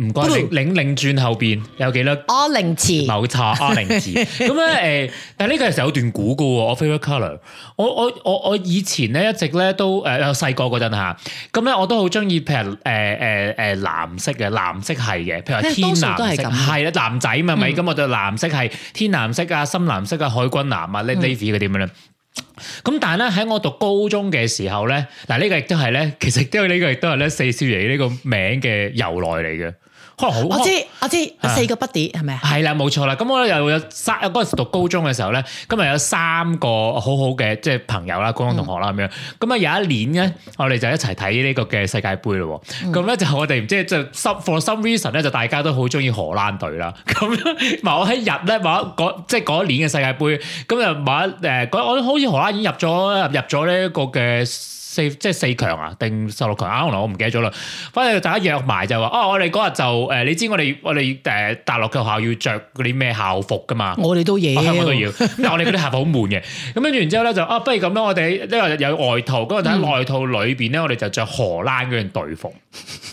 唔該，你擰擰轉後邊有幾多？阿玲詞，冇錯，阿玲詞。咁咧誒，但係呢個嘅時候有段古嘅喎。我 favorite color，我我我我以前咧一直咧都誒有細個嗰陣嚇，咁、呃、咧我,、啊、我都好中意譬如誒誒誒藍色嘅，藍色係嘅，譬如天藍色係啦、嗯，男仔嘛咪，咁、嗯、我就藍色係天藍色啊、深藍色啊、海軍藍啊、navy 嗰啲咁樣咧。咁但係咧喺我讀高中嘅時候咧，嗱呢個亦都係咧，其實都係呢個亦都係咧四少爺呢個名嘅由來嚟嘅。我知我知，四個 budget 係咪啊？係啦，冇錯啦。咁我咧又有三，嗰陣時讀高中嘅時候咧，咁啊有三個好好嘅即係朋友啦，高中同學啦咁樣。咁啊有一年咧，我哋就一齊睇呢個嘅世界盃咯。咁咧就我哋唔知即係就 some for some reason 咧，就大家都好中意荷蘭隊啦。咁某一日咧，某一嗰即係嗰一年嘅世界盃，咁啊某一誒嗰我好似荷蘭已經入咗入入咗呢個嘅。四即係四強啊，定十六強啊？可能我唔記得咗啦。反正大家約埋就話，哦，我哋嗰日就誒，你知我哋我哋誒大陸嘅學校要着嗰啲咩校服㗎嘛？我哋都夜啊，哦、都要。 但係我哋嗰啲校服好悶嘅。咁跟住然之後咧，就啊、哦，不如咁啦，我哋因為有外套，嗰日喺外套裏邊咧，嗯、我哋就着荷蘭嗰樣隊服。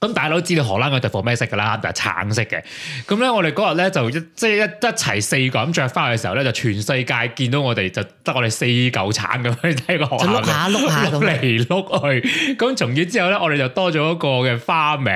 咁大佬知道荷蘭嘅隊服咩色㗎啦？就係、是、橙色嘅。咁咧，我哋嗰日咧就一即係、就是、一一齊四個咁着翻去嘅時候咧，就全世界見到我哋，就得我哋四嚿橙咁樣睇個學校。碌下碌下咁嚟碌去。咁從此之後咧，我哋就多咗一個嘅花名。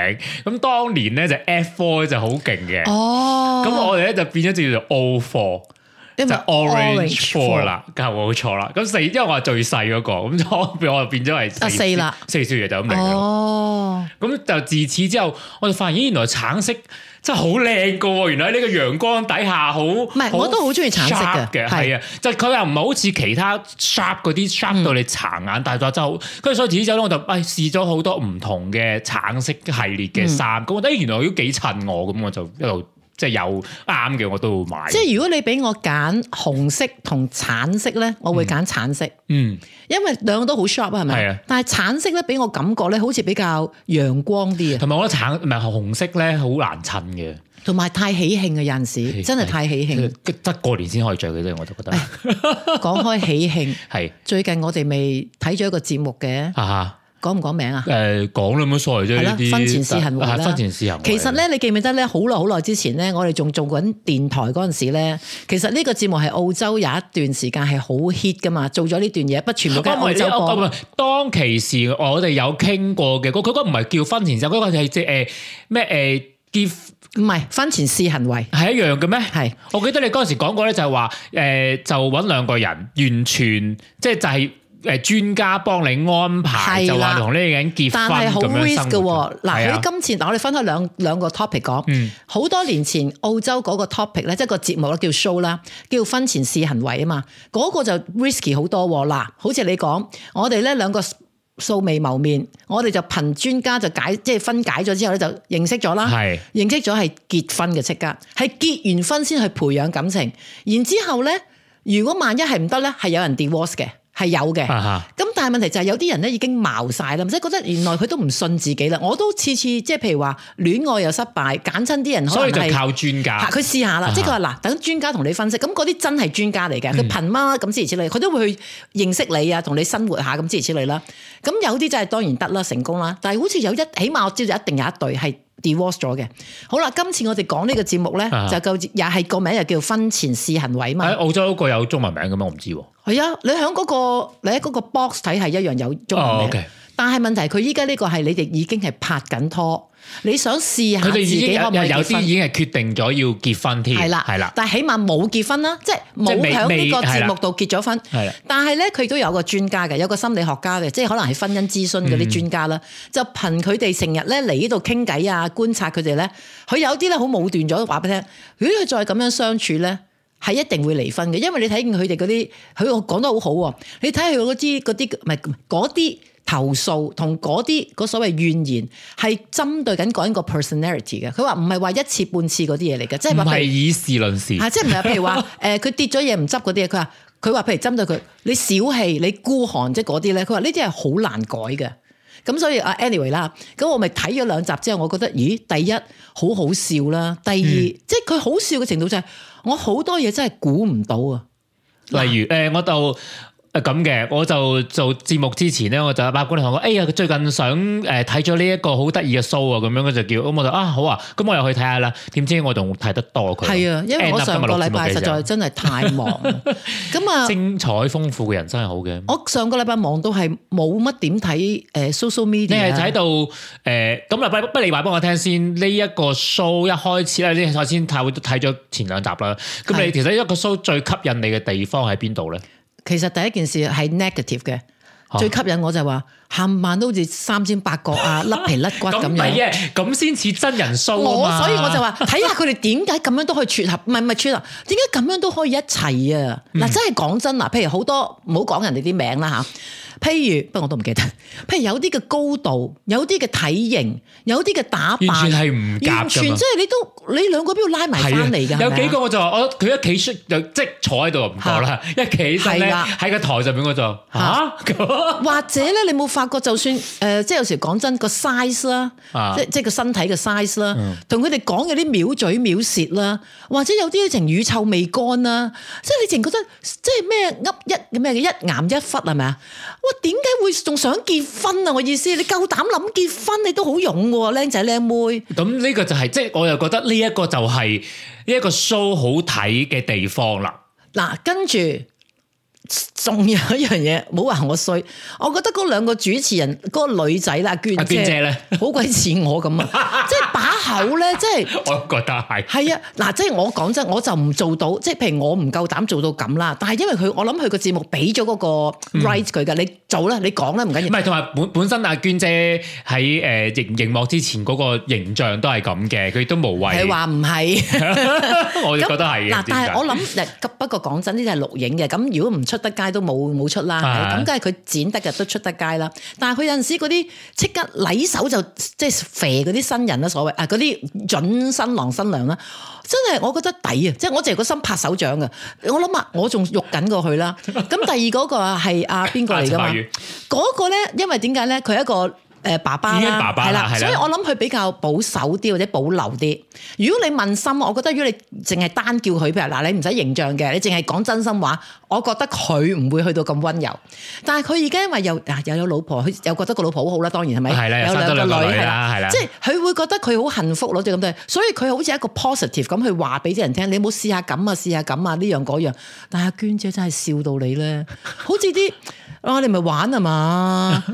咁當年咧就 F Four 就好勁嘅。哦。咁我哋咧就變咗叫做 O Four。因為 Orange Four 啦，梗係冇錯啦。咁四，因為我係最細嗰個，咁就變，我就變咗係四啦。啊、四少爺就咁嚟咯。哦，咁就自此之後，我就發現咦，原來橙色真係好靚噶。原來喺呢個陽光底下好。唔係，我都好中意橙色嘅，係啊是。就佢又唔係好似其他 sharp 嗰啲 sharp 到你殘眼，嗯、但係就真好。跟住所以自此之後，我就喂試咗好多唔同嘅橙色系列嘅衫。咁、嗯、我覺得，原來都幾襯我。咁我就一路。即係有啱嘅我都會買。即係如果你俾我揀紅色同橙色咧，我會揀橙色。嗯，嗯因為兩個都好 sharp 啊，係咪？係啊。但係橙色咧，俾我感覺咧，好似比較陽光啲啊。同埋我覺得橙唔係紅色咧，好難襯嘅，同埋太喜慶嘅有陣時，的真係太喜慶，得過年先可以著嘅啫，我都覺得。講開喜慶，係的的最近我哋未睇咗一個節目嘅啊。 講唔講名啊？誒，講啦咁樣所謂啫，啲 婚 前試行為婚前試行為，其實咧，你記唔記得咧？好耐好耐之前咧，我哋仲做緊電台嗰陣時咧，其實呢個節目係澳洲有一段時間係好 hit 噶嘛，做咗呢段嘢，不全部嘅。係當其時，我哋有傾過嘅，嗰佢嗰唔係叫婚前，就嗰個係即係誒咩誒結，唔係婚前試行為係一樣嘅咩？係是，我記得你嗰陣時講過咧、呃，就係話誒，就搵兩個人，完全即係就係、是。就是誒，專家幫你安排的就話同呢個人結婚係好 risky 嘅，嗱喺、啊、今次是的 我哋分開兩兩個 topic 講，好、嗯、多年前澳洲嗰個 topic 咧，即係個節目咧叫 show 啦，叫婚前試行為啊嘛，嗰、那個就 risky 多、啊、好多喎，嗱好似你講，我哋咧兩個素未謀面，我哋就憑專家就解即係、就是、分解咗之後咧就認識咗啦，是的 認識咗係結婚嘅即刻，係結完婚先去培養感情，然之後咧如果萬一係唔得咧，係有人 divorce 嘅。係有嘅，咁、uh huh. 但係問題就係有啲人咧已經矛晒啦，即係覺得原來佢都唔信自己啦。我都次次即係譬如話戀愛又失敗，揀親啲人可以。所以就靠專家，佢試下啦，uh huh. 即係佢話嗱，等專家同你分析。咁嗰啲真係專家嚟嘅，佢憑乜乜咁之如此類，佢都會去認識你啊，同你生活下咁之如此類啦。咁有啲就係當然得啦，成功啦。但係好似有一起碼我知道一定有一對係 divorce 咗嘅。好啦，今次我哋講呢個節目咧，uh huh. 就夠也係個名又叫婚前試行為嘛。喺、uh, 澳洲嗰個有中文名嘅我唔知喎。係啊，你喺嗰、那個你喺嗰個 box 睇係一樣有鍾意嘅，哦 okay、但係問題佢依家呢個係你哋已經係拍緊拖，你想試下佢哋自己有啲已經係決定咗要結婚添，係啦，係啦，但係起碼冇結婚啦，即係冇喺呢個節目度結咗婚。係啊，但係咧佢都有個專家嘅，有個心理學家嘅，即係可能係婚姻諮詢嗰啲專家啦，嗯、就憑佢哋成日咧嚟呢度傾偈啊，觀察佢哋咧，佢有啲咧好武斷咗話俾你聽，如果佢再咁樣相處咧。係一定會離婚嘅，因為你睇見佢哋嗰啲，佢講得好好、哦、喎。你睇佢嗰啲嗰啲，唔係嗰啲投訴同嗰啲嗰所謂怨言，係針對緊講一個 personality 嘅。佢話唔係話一次半次嗰啲嘢嚟嘅，即係話唔係以事論事吓，即係唔係譬如話誒佢跌咗嘢唔執嗰啲嘢，佢話佢話譬如針對佢，你小氣你孤寒，即係嗰啲咧，佢話呢啲係好難改嘅。咁所以啊，anyway 啦，咁我咪睇咗兩集之後，我覺得咦，第一好好笑啦，第二，嗯、即係佢好笑嘅程度就係。我好多嘢真係估唔到啊！例如，誒、呃，我就。誒，咁嘅，我就做節目之前咧，我就八卦你同我，哎、欸、呀，佢最近想誒睇咗呢一個好得意嘅 show 啊，咁樣，佢就叫，咁我就啊好啊，咁我又去睇下啦。點知我仲睇得多佢？係啊，因為我上個禮拜實在真係太忙。咁 啊，精彩豐富嘅人生係好嘅。我上個禮拜忙、啊、到係冇乜點睇誒 social media。你係睇到誒，咁啊，不不，你話俾我聽先。呢、這、一個 show 一開始咧，你首先睇，睇咗前兩集啦。咁你的其實一個 show 最吸引你嘅地方喺邊度咧？其實第一件事係 negative 嘅，啊、最吸引我就話、是，冚唪唥都好似三尖八角啊，甩 皮甩骨咁樣，咁先似真人騷。 我所以我就話，睇下佢哋點解咁樣都可以撮合，唔係唔係撮合，點解咁樣都可以一齊啊？嗱、嗯，真係講真嗱，譬如好多唔好講人哋啲名啦嚇。譬如，不過我都唔記得。譬如有啲嘅高度，有啲嘅體型，有啲嘅打扮係唔夾嘅，完全即係你都你兩個邊要拉埋翻嚟㗎？有幾個我就話我佢一企出即坐喺度唔錯啦，啊、一企出咧喺個台上面我就、啊啊、或者咧，你冇發覺就算誒、呃，即有時講真個 size 啦、啊，即即個身體嘅 size 啦、啊，同佢哋講嘅啲秒嘴秒舌啦，或者有啲情乳臭未乾啦，即你淨覺得即咩噏一嘅咩嘅一癌一忽係咪啊？是點解會仲想結婚啊？我意思，你夠膽諗結婚，你都好勇喎，靚仔靚妹。咁呢個就係、是，即係我又覺得呢一個就係呢一個 show 好睇嘅地方啦。嗱，跟住。仲有一樣嘢，唔好話我衰，我覺得嗰兩個主持人，嗰個女仔啦，娟姐咧，好鬼似我咁啊！即係把口咧，即係，我覺得係係啊，嗱，即係我講真，我就唔做到，即係譬如我唔夠膽做到咁啦，但係因為佢，我諗佢個節目俾咗嗰個 right 佢噶，你做啦，你講啦，唔緊要。唔係，同埋本本身阿娟姐喺誒熒熒幕之前嗰個形象都係咁嘅，佢都冇謂係話唔係，我覺得係嘅。嗱，但係我諗，不過講真，呢啲係錄影嘅，咁如果唔。出得街都冇冇出啦，咁梗係佢剪得嘅都出得街啦。但係佢有陣時嗰啲即刻禮手就即係肥嗰啲新人啦，所謂啊嗰啲準新郎新娘啦，真係我覺得抵啊！即係我淨係個心拍手掌噶，我諗啊，我仲喐緊過去啦。咁第二嗰個係阿邊個嚟噶嘛？嗰個咧，因為點解咧？佢一個。誒爸爸爸，係啦，了的所以我諗佢比較保守啲或者保留啲。如果你問心，我覺得如果你淨係單叫佢譬如嗱，你唔使形象嘅，你淨係講真心話，我覺得佢唔會去到咁溫柔。但係佢而家因為又又、啊、有老婆，又覺得個老婆好好啦，當然係咪？係啦，的有兩個女係啦，係啦，即係佢會覺得佢好幸福咯，即咁多。的所以佢好似一個 positive 咁去話俾啲人聽，你有冇試下咁啊，試下咁啊，呢樣嗰樣，樣。但係娟姐真係笑到你咧，好似啲～ 啊！你咪玩啊嘛！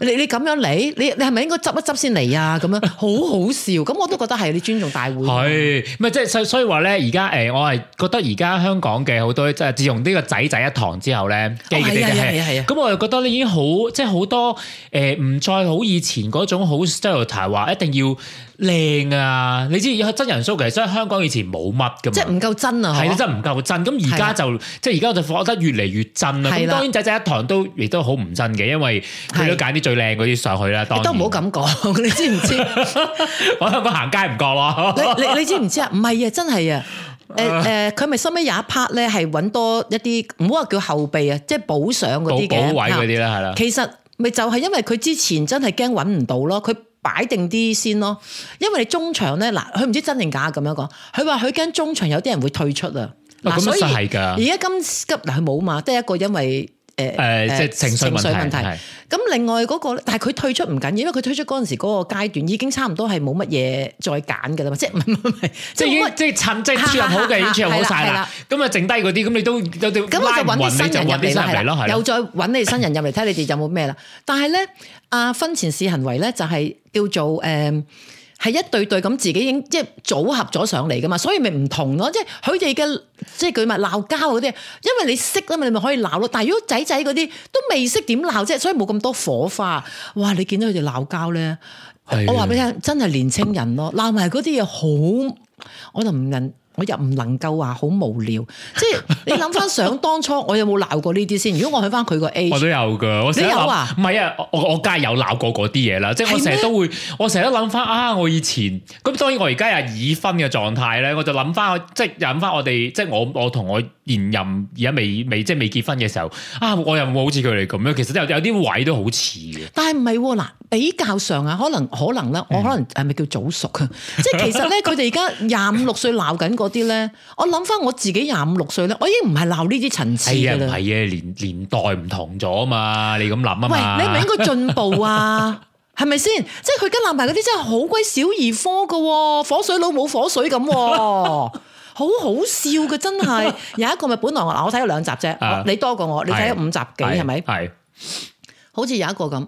你你咁樣嚟，你你係咪應該執一執先嚟啊？咁樣好好笑，咁 我都覺得係你尊重大會。係，咪即係所所以話咧，而家誒，我係覺得而家香港嘅好多，即係自從呢個仔仔一堂之後咧，係係、哦、啊。咁、啊啊啊啊、我又覺得你已經好，即係好多誒，唔、呃、再好以前嗰種好 style，話一定要。靚啊！你知有真人 show 嘅，其實所以香港以前冇乜嘅。即係唔夠真啊！係咯，真係唔夠真。咁而家就即係而家就覺得越嚟越真啦。係啦。當然，仔仔一堂都亦都好唔真嘅，因為佢都揀啲最靚嗰啲上去啦。當然你都唔好咁講，你知唔知？我喺香港行街唔講咯。你你你知唔知啊？唔係啊，真係啊。誒誒，佢咪收尾有一 part 咧，係揾多一啲唔好話叫後備啊，即係補上嗰啲嘅。補位嗰啲啦，係啦。其實咪就係因為佢之前真係驚揾唔到咯，佢。擺定啲先咯，因為你中場咧，嗱佢唔知真定假咁樣講，佢話佢驚中場有啲人會退出啊，嗱，所以而家今急，嗱佢冇嘛，得一個因為。誒，即係情緒問題。咁另外嗰個咧，但係佢退出唔緊要，因為佢退出嗰陣時嗰個階段已經差唔多係冇乜嘢再揀噶啦嘛，即係唔係，即係已經即係趁即係輸入好嘅已經唱好晒啦，咁啊剩低嗰啲，咁你都有啲彎彎尾就入啲新人嚟咯，係啦。又再揾你新人入嚟睇你哋有冇咩啦，但係咧，啊婚前試行為咧就係叫做誒。係一對對咁自己已經即係組合咗上嚟㗎嘛，所以咪唔同咯。即係佢哋嘅即係佢咪鬧交嗰啲，因為你識啊嘛，你咪可以鬧咯。但係如果仔仔嗰啲都未識點鬧啫，所以冇咁多火花。哇！你見到佢哋鬧交咧，的我話俾你聽，真係年青人咯，鬧埋嗰啲嘢好，我就唔認。我又唔能夠話好無聊，即係你諗翻想當初，我有冇鬧過呢啲先？如果我喺翻佢個 a 我都有噶，我你有啊？唔係啊，我我梗係有鬧過嗰啲嘢啦，嗎即係我成日都會，我成日都諗翻啊！我以前咁，當然我而家又已婚嘅狀態咧，我就諗翻，即係又諗翻我哋，即係我我同我現任而家未未即係未結婚嘅時候啊！我又會好似佢哋咁樣，其實真有啲位都好似嘅。但係唔係嗱比較上啊，可能可能咧，我可能係咪、嗯、叫早熟啊？即係其實咧，佢哋而家廿五六歲鬧緊個啲咧，我諗翻我自己廿五六歲咧，我已經唔係鬧呢啲層次噶啦。係啊，係啊，年年代唔同咗嘛，你咁諗啊嘛。你唔係應該進步啊？係咪先？即係佢跟爛排嗰啲真係好鬼小兒科噶，哦，火水佬冇火水咁，哦，好 好笑噶，真係。有一個咪本來我我睇咗兩集啫，你多過我，你睇咗五集幾係咪？係， 好似有一個咁。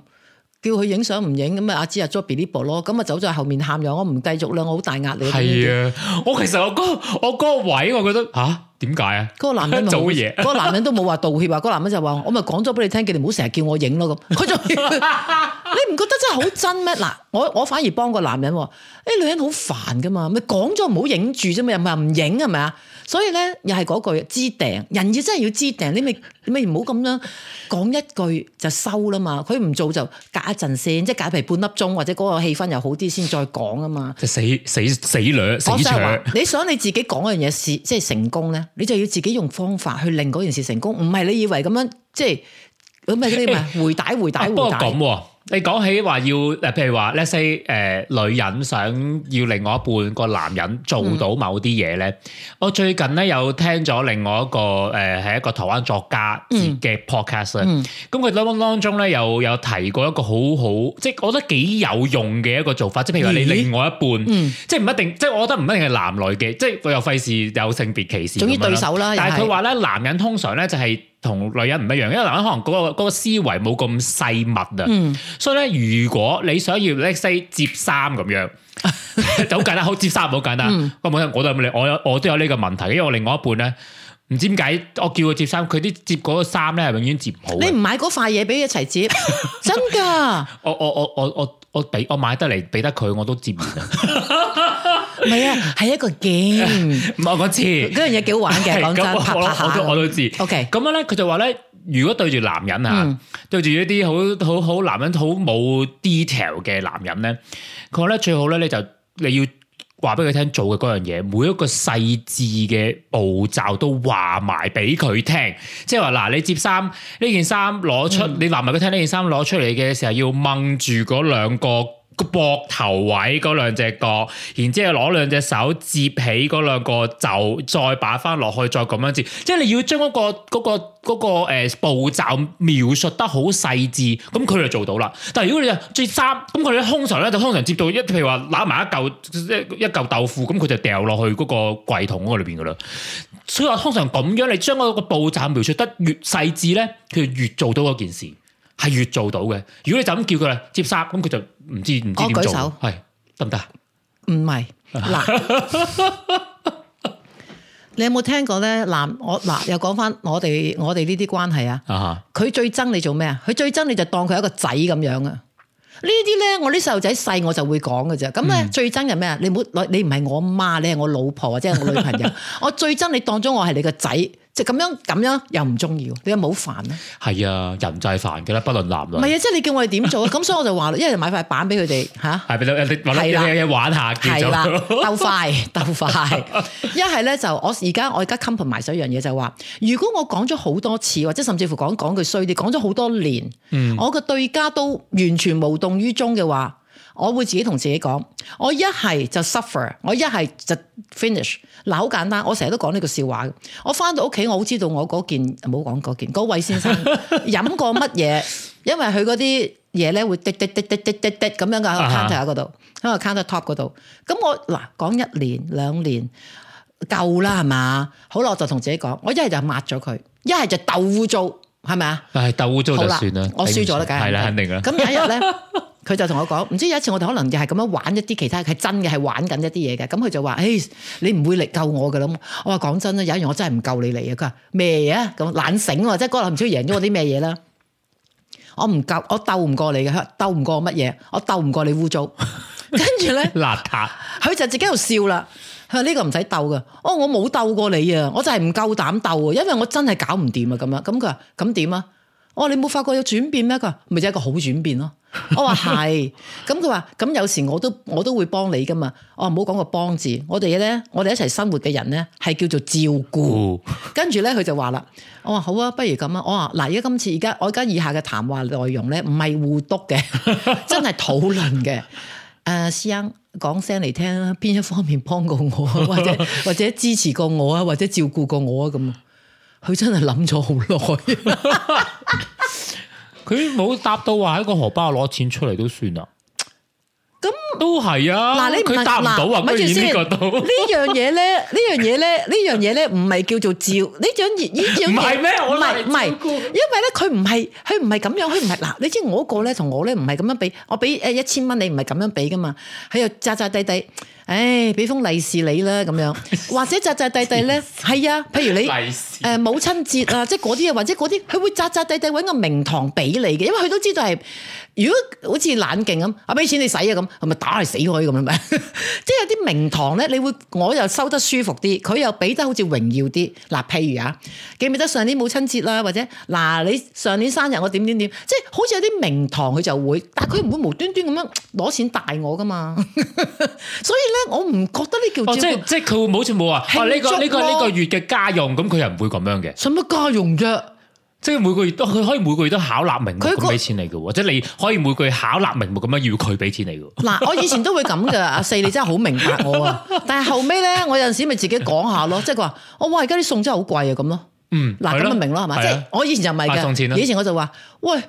叫佢影相唔影咁啊！阿芝阿 Jobby 呢部咯，咁啊走在後面喊又我唔繼續啦，我好大壓力。係啊，我其實、那個、我哥我哥位，我覺得吓點解啊？嗰個男人做嘢事，嗰個男人都冇話道歉，話嗰個男人就話我，咪講咗俾你聽，叫你唔好成日叫我影咯咁。佢就 你唔覺得真係好真咩？嗱，我我反而幫個男人，啲、哎、女人好煩噶嘛，咪講咗唔好影住啫嘛，又唔係唔影係咪啊？所以咧，又係嗰句，知定人要真係要知定，你咪你咪唔好咁樣講一句就收啦嘛。佢唔做就隔一陣先，即係隔皮半粒鐘或者嗰個氣氛又好啲先再講啊嘛。即係死死死女死長。你想你自己講嗰樣嘢是即係成功咧，你就要自己用方法去令嗰件事成功，唔係你以為咁樣即係咁咪你咪回帶回帶回帶。你講起話要誒，譬如話，let's say 誒，女人想要另外一半個男人做到某啲嘢咧，嗯、我最近咧有聽咗另外一個誒，係、呃、一個台灣作家嘅 podcast 咧、嗯，咁、嗯、佢當中咧又有提過一個好好，即係我覺得幾有用嘅一個做法，即係譬如話你另外一半，嗯、即係唔一定，嗯、即係我覺得唔一定係男女嘅，即係又費事有性別歧視。總之對手啦，但係佢話咧，男人通常咧就係、是。同女人唔一樣，因為男人可能嗰個思維冇咁細密啊，嗯、所以咧，如果你想要 let's say 摺衫咁樣，好 簡單，好摺衫好簡單。嗯、我我我都我有我都有呢個問題，因為我另外一半咧，唔知點解我叫佢摺衫，佢啲摺嗰個衫咧，永遠摺唔好。你唔買嗰塊嘢俾佢一齊摺？ 真㗎的？我我我我我我俾我買得嚟俾得佢，我都摺唔。 唔係 啊，係一個 game 唔係我知，嗰樣嘢幾好玩嘅。講真， 啪啪下我都知。O K，咁樣咧，佢就話咧，如果對住男人啊，對住一啲好好好男人，好冇 detail 嘅男人咧，佢話咧最好咧，你就你要話俾佢聽，做嘅嗰樣嘢，每一個細緻嘅步驟都話埋俾佢聽。即係話嗱，你接衫呢件衫攞出，嗯、你話埋佢聽，呢件衫攞出嚟嘅時候要掹住嗰兩個。個膊頭位嗰兩隻角，然之後攞兩隻手摺起嗰兩個袖就再擺翻落去，再咁樣摺，即係你要將嗰、嗰個、嗰個、嗰個誒、嗰個呃、步驟描述得好細緻，咁佢就做到啦。但係如果你啊最衫咁，佢咧通常咧就通常摺到一，譬如話攬埋一嚿一一嚿豆腐，咁佢就掉落去嗰個櫃桶嗰個裏邊噶啦。所以話通常咁樣，你將嗰個步驟描述得越細緻咧，佢就越做到嗰件事。係越做到嘅，如果你就咁叫佢啦，接殺，咁佢就唔知唔知點做。我舉手係得唔得？唔係嗱，你有冇聽過咧？嗱，我嗱又講翻我哋我哋呢啲關係啊。佢、uh huh。最憎你做咩啊？佢最憎你，你就當佢一個仔咁樣啊！呢啲咧，我啲細路仔細我就會講㗎啫。咁咧、嗯、最憎係咩啊？你唔好你你唔係我媽，你係我，我老婆或者係我女朋友。 我最憎你當咗我係你個仔。就咁樣咁樣又唔中意，你又冇煩咩？係啊，人就係煩嘅啦，不論男女。唔係啊，即係你叫我哋點做啊？咁 所以我就話，一人買塊板俾佢哋吓。係俾你，你一一玩下嘅的。係啦了，鬥快，鬥快。 呢一係咧就我而家我而家 combine 埋咗一樣嘢就話，如果我講咗好多次，或者甚至乎講講句衰啲，講咗好多年，嗯、我個對家都完全無動於衷嘅話。我會自己同自己講，我一係就 suffer，我一係就 finish。嗱，好簡單，我成日都講呢個笑話。我翻到屋企，我好知道我嗰件冇講嗰件，嗰位先生飲過乜嘢？因為佢嗰啲嘢咧會滴滴滴滴滴滴滴滴咁樣噶，喺個 counter 嗰度，喺個 counter top 嗰度。咁我嗱講一年兩年夠啦，係嘛？好啦，我就同自己講，我一係就抹咗佢，一係就鬥污糟，係咪啊？誒，鬥污糟就算啦，我輸咗啦，梗係啦，肯定啦。咁有一日咧。佢就同我講，唔知有一次我哋可能又係咁樣玩一啲其他係真嘅係玩緊一啲嘢嘅，咁佢就話，誒，你唔會嚟救我㗎啦。我話講真啦，有一樣我真係唔夠你嚟啊。佢話咩嘢？咁懶醒喎、啊，即係嗰輪唔知贏咗我啲咩嘢啦。我唔夠，我鬥唔過你嘅，鬥唔過我乜嘢？我鬥唔過你污糟。跟住咧，邋遢 骰。佢就自己喺度笑啦。佢呢、這個唔使鬥㗎，哦，我冇鬥過你啊，我就係唔夠膽鬥啊，因為我真係搞唔掂啊。咁樣咁佢話咁點啊？我、哦、你冇發覺有轉變咩？佢咪就係一個好轉變咯、啊。我話話係，咁佢話咁有時我都我都會幫你噶嘛。我話唔好講個幫字，我哋咧，我哋一齊生活嘅人咧係叫做照顧。哦、跟住咧佢就話啦，我話好啊，不如咁啊。我話嗱，而家今次而家我而家以下嘅談話內容咧唔係互督嘅，真係討論嘅。誒、 呃，師兄講聲嚟聽啊，邊一方面幫過我，或者或者支持過我啊，或者照顧過我啊咁。佢真係諗咗好耐。 佢冇答到話喺個荷包攞錢出嚟都算啦，咁都係啊！嗱，你佢唔答到啊，乜以呢到呢樣嘢咧，呢樣嘢咧，呢樣嘢咧，唔係叫做照呢樣嘢，呢樣嘢唔係咩？唔係唔係，因為咧佢唔係，佢唔係咁樣，佢唔係嗱，你知我個咧同我咧唔係咁樣俾，我俾誒一千蚊，你唔係咁樣俾噶嘛，喺度扎扎地地。唉，俾封利是你啦，咁樣，或者扎扎地地咧，係啊，譬如你，誒，母親節啊， 即係嗰啲啊，或者嗰啲，佢會扎扎地地搵個名堂俾你嘅，因為佢都知道係。如果好似冷勁咁，我俾錢你使啊咁，係咪打嚟死佢咁樣咩？ 即係有啲名堂咧，你會我又收得舒服啲，佢又俾得好似榮耀啲。嗱，譬如啊，如記唔記得上年母親節啦，或者嗱、啊、你上年生日我點點點，即係好似有啲名堂佢就會，但係佢唔會無端端咁樣攞錢帶我噶嘛。 所以咧，我唔覺得呢叫、哦、即係即係佢會好似冇話，哦呢、呢個呢、呢個呢、呢個呢個月嘅家用咁，佢又唔會咁樣嘅。使乜家用啫？即係每個月都，佢可以每個月都巧立名目咁俾錢你嘅，或者你可以每個月巧立名目咁樣要佢俾錢你嘅。嗱，我以前都會咁嘅，阿、 啊、四你真係好明白我啊！ 但係後尾咧，我有陣時咪自己講下咯，即係佢話：我話而家啲餸真係好貴啊咁咯。嗯，嗱咁咪明咯，係嘛吧？吧即係我以前就唔係嘅，啊、送錢以前我就話：喂。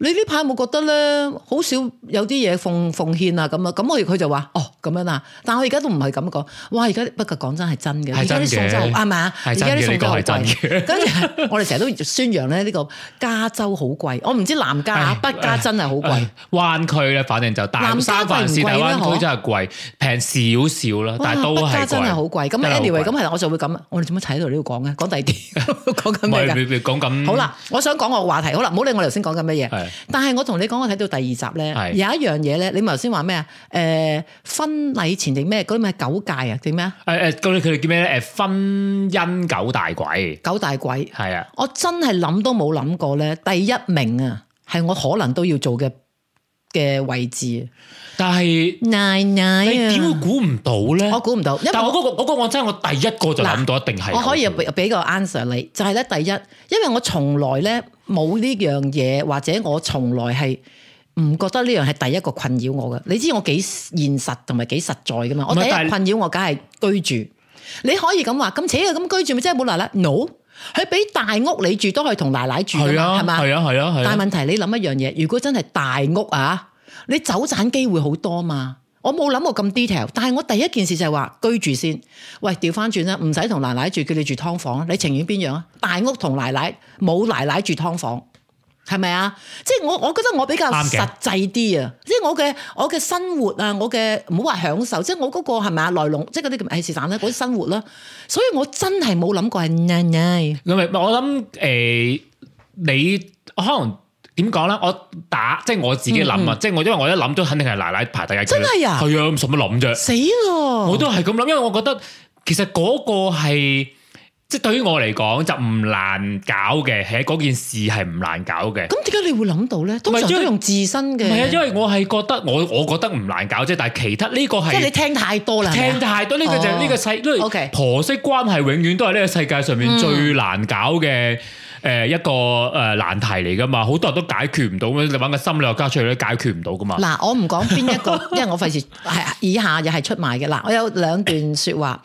你呢排有冇覺得咧，好少有啲嘢奉奉獻啊咁啊？咁我而佢就話哦咁樣啊，但我而家都唔係咁講。哇！而家不過講真係真嘅，而家啲送真係係咪啊？而家啲送真係貴。跟住我哋成日都宣揚咧呢個加州好貴，我唔知南加北加真係好貴。灣區咧，反正就大。南沙還是大灣區真係貴，平少少啦，但係都係貴。咁 anyway 咁係，我就會咁。我哋做乜睇到呢度講嘅？講第啲講緊咩㗎？唔好咁。好啦，我想講個話題。好啦，唔好理我哋頭先講緊乜嘢。但係我同你講，我睇到第二集咧，有一樣嘢咧，你咪頭先話咩啊？誒，婚禮前定咩？嗰啲咩九界啊？定咩啊？誒誒，咁你佢哋叫咩咧？誒，婚姻九大鬼。九大鬼係啊！我真係諗都冇諗過咧，第一名啊，係我可能都要做嘅嘅位置。但係奶奶，你點會估唔到咧？我估唔到。但係我嗰個，我嗰個真係我第一個就諗到，一定係。我可以俾個 answer 你，就係咧第一，因為我從來咧。冇呢樣嘢，或者我從來係唔覺得呢樣係第一個困擾我嘅。你知我幾現實同埋幾實在噶嘛？是我第一個困擾我，梗係居住。是你可以咁話，咁扯啊，咁居住咪即係冇奶奶？No，佢俾大屋你住都可以同奶奶住噶嘛？係嘛，啊？係吧啊，係啊，係。但係問題你諗一樣嘢，如果真係大屋啊，你走盞機會好多嘛。我冇諗過咁 detail，但係我第一件事就係話居住先。喂，調返轉啦，唔使同奶奶住，叫你住劏房，你情願邊樣啊？大屋同奶奶、冇奶奶住劏房，係咪啊？即係我我覺得我比較實際啲啊，的即係我嘅我嘅生活啊，我嘅唔好話享受，即係我嗰個係咪啊？內籠，即係嗰啲咁嘅事散啦，嗰啲生活啦，所以我真係冇諗過係奶奶。我諗，誒，你可能……點講咧？我打，即係我自己諗啊！即係我，因為我一諗都肯定係奶奶排第一。真係啊！係啊，咁使乜諗啫？死咯！我都係咁諗，因為我覺得其實嗰個係即係對於我嚟講就唔難搞嘅，係嗰件事係唔難搞嘅。咁點解你會諗到咧？通常都用自身嘅。唔係啊，因為我係覺得我我覺得唔難搞啫，但係其他呢個係即係你聽太多啦。聽太多呢個就係呢個世，因為婆媳關係永遠都係呢個世界上面最難搞嘅。誒、呃、一個誒、呃、難題嚟噶嘛，好多人都解決唔到，你揾個心理學家出嚟都解決唔到噶嘛。嗱，我唔講邊一個， 因為我費事係以下又係出賣嘅。嗱，我有兩段説話，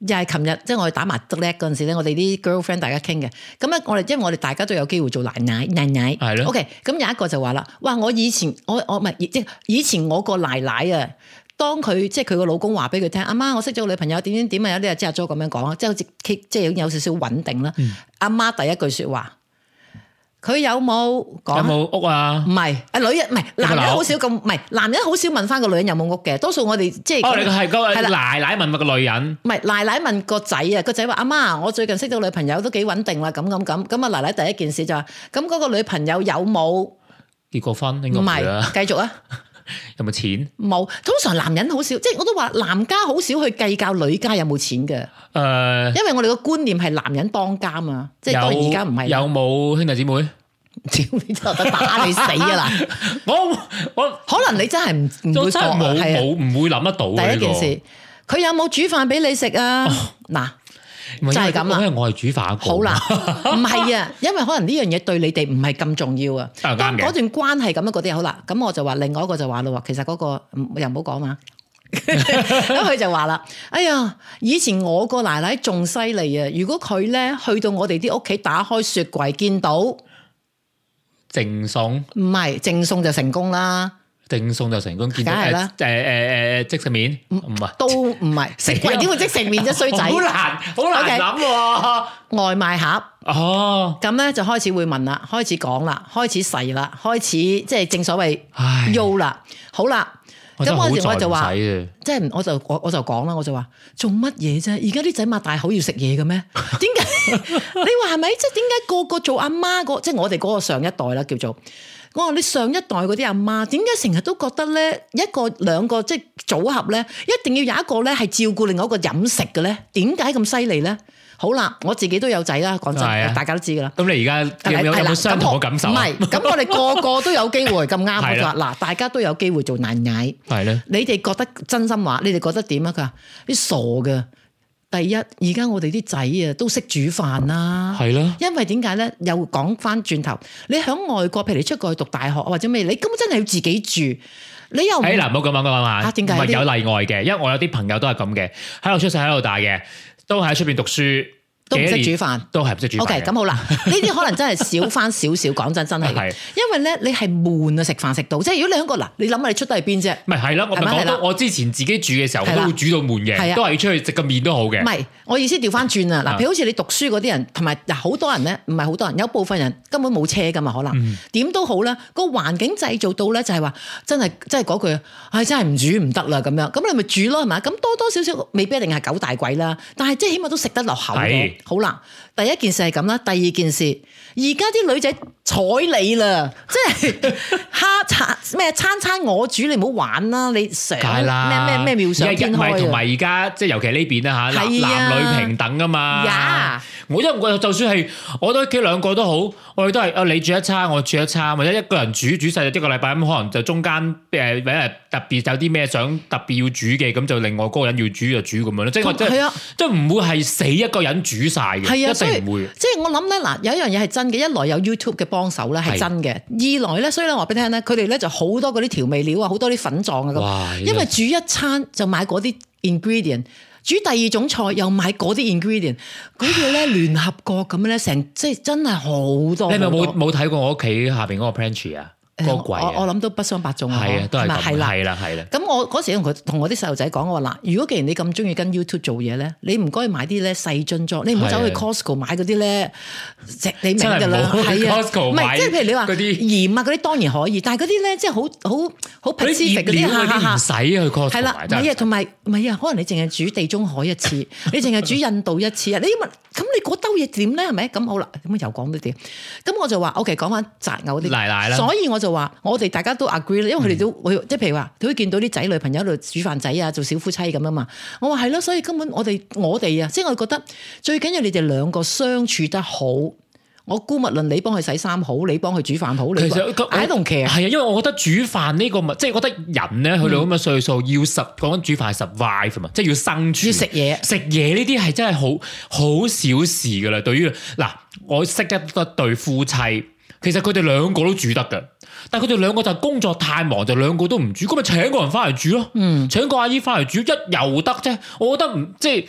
又係琴日，即係我哋打麻雀叻嗰陣時咧，我哋啲 girlfriend 大家傾嘅。咁咧，我哋因為我哋大家都有機會做奶奶奶奶，係咯呢，OK。咁有一個就話啦，哇！我以前我我唔係即係以前我個奶奶啊。當佢即係佢個老公話俾佢聽，阿媽我識咗個女朋友點點點啊，你又即刻咁樣講，即係好似即係有少少穩定啦。阿媽第一句說話，佢有冇講？有冇屋啊？唔係啊，女人唔係男人好少咁，唔係男人好少問翻個女人有冇屋嘅，多數我哋即係哦，嗰個係個奶奶問個女人，唔係奶奶問個仔啊，個仔話阿媽我最近識咗個女朋友都幾穩定啦，咁咁咁咁啊，奶奶第一件事就話咁嗰個女朋友有冇結過婚？唔係，繼續啊。有冇錢？冇，通常男人好少，即係我都話男家好少去計較女家有冇錢嘅。誒、呃，因為我哋個觀念係男人當家嘛，即係而家唔係。有冇兄弟姊妹？屌你就得打你死啊！嗱， 我我可能你真係唔唔會諗，係唔會諗得到。是第一件事，佢 有冇煮飯俾你食啊？嗱、啊。 就係咁啊！因為我係煮飯好啦，唔係啊，因為可能呢樣嘢對你哋唔係咁重要啊。嗰段關係咁樣嗰啲好啦，咁我就話另外一個就話啦，其實嗰、嗰個又唔好講嘛。咁 佢 就話啦，哎呀，以前我個奶奶仲犀利啊！如果佢咧去到我哋啲屋企，打開雪櫃見到，剩餸唔係剩餸就成功啦。定送就成功，見到誒誒誒誒即食麵，唔唔係都唔係食鬼點會即食麵啫，衰仔好難好難諗外賣盒哦，咁咧就開始會問啦，開始講啦，開始細啦，開始即係正所謂喐啦，好啦，咁陣時，我就話，即係我就我我就講啦，我就話做乜嘢啫？而家啲仔擘大口要食嘢嘅咩？點解你話係咪？即係點解個個做阿媽個，即係我哋嗰個上一代啦，叫做。我話你上一代嗰啲阿媽點解成日都覺得咧一個兩個即係組合咧一定要有一個咧係照顧另外一個飲食嘅咧？點解咁犀利咧？好啦，我自己都有仔啦，講真，大家都知㗎啦。咁你而家有冇有冇相同嘅感受？唔係，咁我哋個個都有機會咁啱，我就話嗱，大家都有機會做奶奶。係咧，你哋覺得真心話，你哋覺得點啊？佢話你傻嘅。第一，而家我哋啲仔啊都識煮飯啦，係啦的，因為點解咧？又講翻轉頭，你喺外國，譬如你出國去讀大學或者咩，你根本真係要自己住，你又喺嗱，唔好咁樣講咁講下，唔係、啊、有例外嘅，因為我有啲朋友都係咁嘅，喺度出世喺度大嘅，都喺出邊讀書。唔識煮飯，都係唔識煮飯。OK，咁好啦，呢啲可能真係少翻少少。講真，真係，因為咧，你係悶啊！食飯食到，即係如果你喺個嗱，你諗下你出得去邊啫？唔係係咯，我講得我之前自己煮嘅時候，都會煮到悶嘅，都係出去食個麵都好嘅。唔係，我意思調翻轉啊！嗱，譬如好似你讀書嗰啲人，同埋嗱，好多人咧，唔係好多人，有部分人根本冇車噶嘛，可能點都好咧。個環境製造到咧，就係話真係真係嗰句，唉，真係唔煮唔得啦咁樣。咁你咪煮咯，係嘛？咁多多少少未必一定係九大簋啦，但係即係起碼都食得落口嘅。好難。第一件事係咁啦，第二件事而家啲女仔睬你啦，即係蝦餐咩餐餐我煮，你唔好玩啦，你成咩咩咩妙想天開，同埋而家即係尤其呢邊啊嚇，男女平等啊嘛。呀，我因為我就算係，我都屋企兩個都好，我哋都係啊，你煮一餐，我煮一餐，或者一個人煮煮晒，一個禮拜咁，可能就中間誒，有一日特別有啲咩想特別要煮嘅，咁就另外嗰個人要煮就煮咁樣咯。即係即係即係唔會係死一個人煮晒嘅。係啊。即係我諗咧，嗱，有一樣嘢係真嘅，一來有 YouTube 嘅幫手咧係真嘅；的二來咧，所以咧話俾你聽咧，佢哋咧就好多嗰啲調味料啊，好多啲粉狀啊咁，哇因為煮一餐就買嗰啲 ingredient，煮第二種菜又買嗰啲 ingredient，佢叫咧聯合國咁咧，成即係真係好多，很多你。你有冇冇睇過我屋企下邊嗰個 pantry 啊？我我諗都不相伯仲，係啊，都係咁。係啦，係啦，係啦。咁我嗰時同佢同我啲細路仔講，我話嗱，如果既然你咁中意跟 YouTube 做嘢咧，你唔該買啲咧細樽裝，你唔好走去 Costco 買嗰啲咧食，你明噶啦，係啊，唔係即係譬如你話嗰啲鹽啊，嗰啲當然可以，但係嗰啲咧即係好好好 petite 嗰啲下唔使去 Costco 買。係啦，唔係啊，同埋唔係啊，可能你淨係煮地中海一次，你淨係煮印度一次啊？你咁你嗰兜嘢點咧？係咪咁好啦？咁又講到點？咁我就話 O.K. 講翻擇偶啲奶奶，所以我就話我哋大家都 agree 啦，因為佢哋都會即係、嗯、譬如話，佢會見到啲仔女朋友喺度煮飯仔啊，做小夫妻咁啊嘛。我話係咯，所以根本我哋我哋啊，即係我覺得最緊要你哋兩個相處得好。我估勿論你幫佢洗衫好，你幫佢煮飯好，其實喺同期啊，係啊，因為我覺得煮飯呢、這個咪，即係覺得人咧，佢哋咁嘅歲數要十講、嗯、煮飯 survive 嘛，即係要生存。食嘢食嘢呢啲係真係好好小事噶啦。對於嗱，我識一對夫妻。其實佢哋兩個都煮得嘅，但係佢哋兩個就工作太忙，就兩個都唔煮，咁咪請個人翻嚟煮咯。嗯、請個阿姨翻嚟煮，一又得啫。我覺得唔即係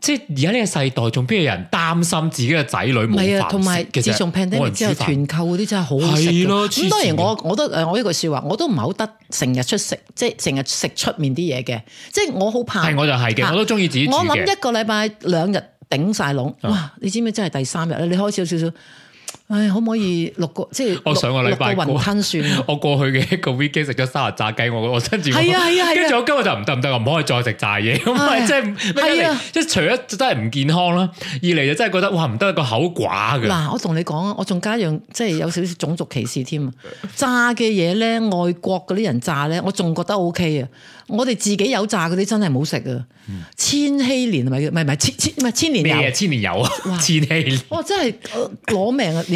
即係而家呢個世代，仲邊有人擔心自己嘅仔女冇嘢食啊？同埋自從 Pandemic 之後團購嗰啲真係好食咯。咁當然我我都誒我呢句說話，我都唔係好得成日出食，即係成日食出面啲嘢嘅，即係我好怕。係、啊、我就係嘅，我都中意自己。我諗一個禮拜兩日頂晒籠哇！你知唔知真係第三日咧？你開始有少少。唉，可唔可以六個即係？我上個禮拜過雲吞算。我過去嘅一個 V 機食咗三日炸雞，我我親自係啊係啊係啊。跟住、啊啊、我今日就唔得唔得，唔可以再食炸嘢咁，即係即係除咗真係唔健康啦，二嚟就真係覺得哇唔得一個口寡嘅。嗱，我同你講啊，我仲加一樣，即係有少少種族歧視添。炸嘅嘢咧，外國嗰啲人炸咧，我仲覺得 OK 啊。我哋自己有炸嗰啲真係唔好食啊。千禧年係咪叫？唔係唔係千千唔係千年油咩？千年油啊！千，年哇千年禧哇！真係攞、呃、命啊！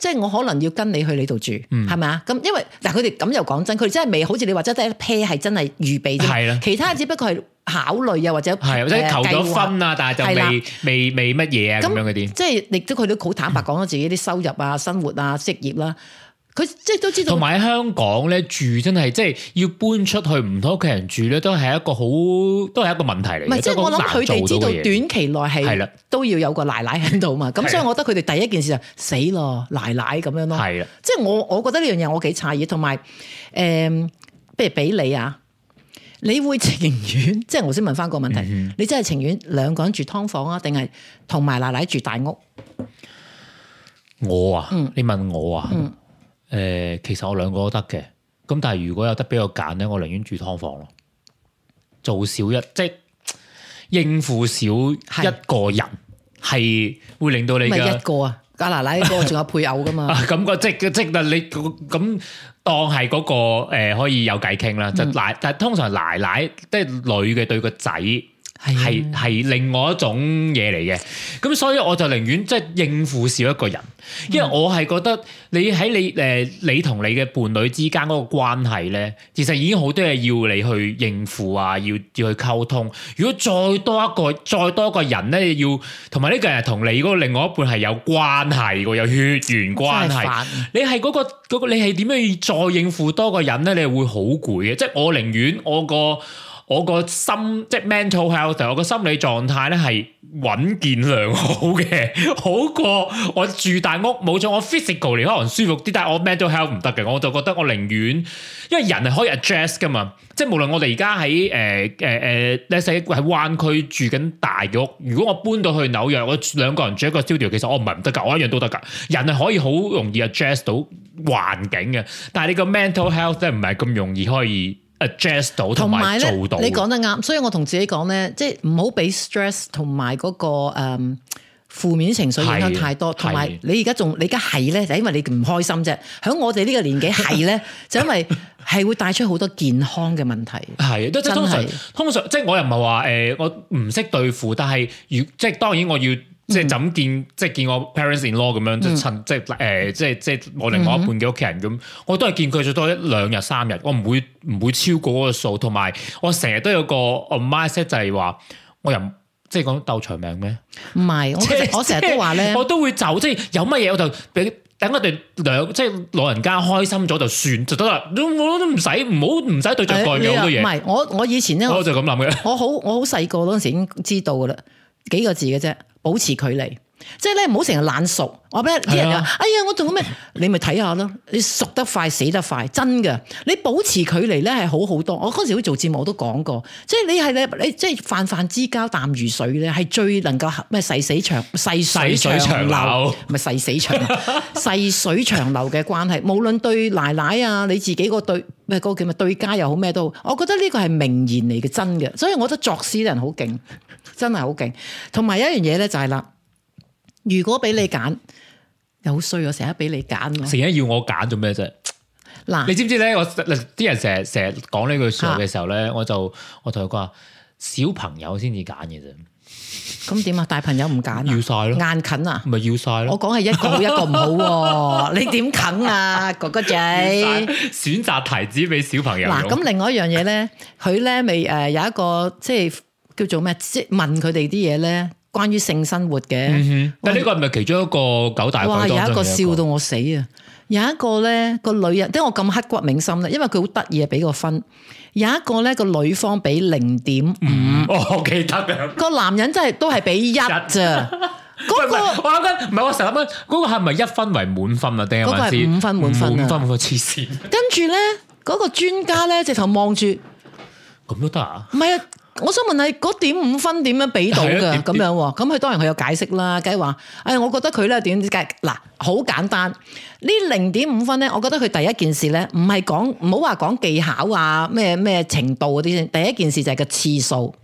即係我可能要跟你去你度住，係咪啊？咁因為嗱，佢哋咁又講真，佢哋真係未好似你話齋得一 pair 係真係預備啫，是的 其他只不過係考慮啊，或者即求咗婚啊，呃、但係就未未未乜嘢啊咁，那樣啲。即係亦都佢都好坦白講咗自己啲收入啊、嗯、生活啊、職業啦、啊。佢即係都知道，同埋喺香港咧住真係，即係要搬出去唔同屋企人住咧，都係一個好，都係一個問題嚟。唔係，即係我諗佢哋知道短期內係是的 都要有個奶奶喺度嘛。咁是的 所以我覺得佢哋第一件事就死咯奶奶咁樣咯。係啦是的，即係我我覺得呢樣嘢我幾詫異。同埋誒，呃，不如俾你啊，你會情願？即 係我先問翻個問題，嗯，你真係情願兩個人住劏房啊，定係同埋奶奶住大屋？我啊，你問我啊？嗯誒，其實我兩個都得嘅，咁但係如果有得俾我揀咧，我寧願住劏房咯，做少一即係應付少一個人，係是會令到你嘅一個啊，阿奶奶嗰個仲有配偶噶嘛，咁 啊那個即係即係你咁、那個、當係嗰、那個誒、呃、可以有偈傾啦，就奶、嗯、但係通常奶奶即係女嘅對個仔。係係另外一種嘢嚟嘅，咁所以我就寧願即係應付少一個人，因為我係覺得你喺你誒你同你嘅伴侶之間嗰個關係咧，其實已經好多嘢要你去應付啊，要要去溝通。如果再多一個再多一個人咧，要同埋呢個人同你嗰另外一半係有關係嘅，有血緣關係。你係嗰個、嗰個、你係點樣再應付多個人咧？你會好攰嘅，即係我寧願我個。我個心即係 mental health，我個心理狀態咧係穩健良好嘅， 好過我住大屋。冇錯，我 physical 嚟可能舒服啲，但係我 mental health 唔得嘅，我就覺得我寧願，因為人係可以 address 噶嘛。即係無論我哋而家喺誒誒誒，呢個喺灣區住緊大屋，如果我搬到去紐約，我兩個人住一個 studio，其實我唔係唔得㗎，我一樣都得㗎。人係可以好容易 address 到環境嘅，但係你個 mental health 真係唔係咁容易可以。adjust 到同埋做到，你講得啱，所以我同自己講咧，即、就、係、是、唔好俾 stress 同埋、那、嗰個誒負面情緒影響太多，同埋是的 你，你、就是、你而家仲你而家係咧，呢 就因為你唔開心啫。響我哋呢個年紀係咧，就因為係會帶出好多健康嘅問題。係的，都即的通常，通常即係我又唔係話誒，我唔識對付，但係如即係當然我要。即係就咁見，即係見我 parents in law 咁樣，即係趁，即係誒，即係即係我另外一半嘅屋企人咁，嗯、哼我都係見佢最多一兩日、三日，我唔會唔會超過嗰個數。同埋我成日都有個 mindset，就係話我又即係講鬥長命咩？唔係，我我成日都話咧、就是，我都會走就即、是、係有乜嘢我就俾等我哋兩即係、就是、老人家開心咗就算就得啦，我都都唔使唔好唔使對象代表好多嘢。唔係，我我以前咧我就咁諗嘅，我好我好細個嗰陣時已經知道噶啦。幾個字嘅啫，保持距離，即係咧唔好成日懶熟。我話俾你，啲人是、啊、哎呀，我做咩？你咪睇下咯，你熟得快死得快，真㗎。你保持距離咧係好好多。我嗰時會做節目我都講過，即係你係你，你即係泛泛之交淡如水咧，係最能夠咩細水長細水長流，唔係細水長細水長流嘅 關係。無論對奶奶啊，你自己個對咩嗰、嗰個叫咩對家又好咩都好，我覺得呢個係名言嚟嘅，真嘅。所以我覺得作詩人好勁。真係好勁，同埋一樣嘢咧就係啦，如果俾你揀，又好衰我成日俾你揀，成日要我揀做咩啫？嗱，你知唔知咧？我嗱啲人成日成日講呢句說話嘅時候咧，我就我同佢講：小朋友先至揀嘅啫。咁點啊？大朋友唔揀，要晒咯，硬啃啊？咪要晒咯？我講係一個好一個唔好，你點啃啊，哥哥仔？選擇題只俾小朋友用。嗱，咁另外一樣嘢咧，佢咧咪誒有一個即係。叫做咩？即問佢哋啲嘢咧，關於性生活嘅。但呢個係咪其中一個九大？哇！有一個笑到我死啊！有一個咧個女人，點解我咁刻骨銘心咧？因為佢好得意啊，俾個分。有一個咧個女方俾零點五，我記得。個男人真係都係俾一啫。嗰個我諗緊，唔係我成日諗緊，嗰個係咪一分為滿分啊？定係先？嗰個係五分滿分啊！五分滿分，黐線！跟住咧，嗰個專家咧，直頭望住，咁都得啊？唔係啊！我想問你嗰點五分怎樣給點樣俾到㗎咁樣？咁佢當然佢有解釋啦，梗係話，誒，我覺得佢咧點解嗱好簡單這呢？零點五分咧，我覺得佢第一件事咧，唔係講唔好話講技巧啊咩咩程度嗰啲，第一件事就係個次數。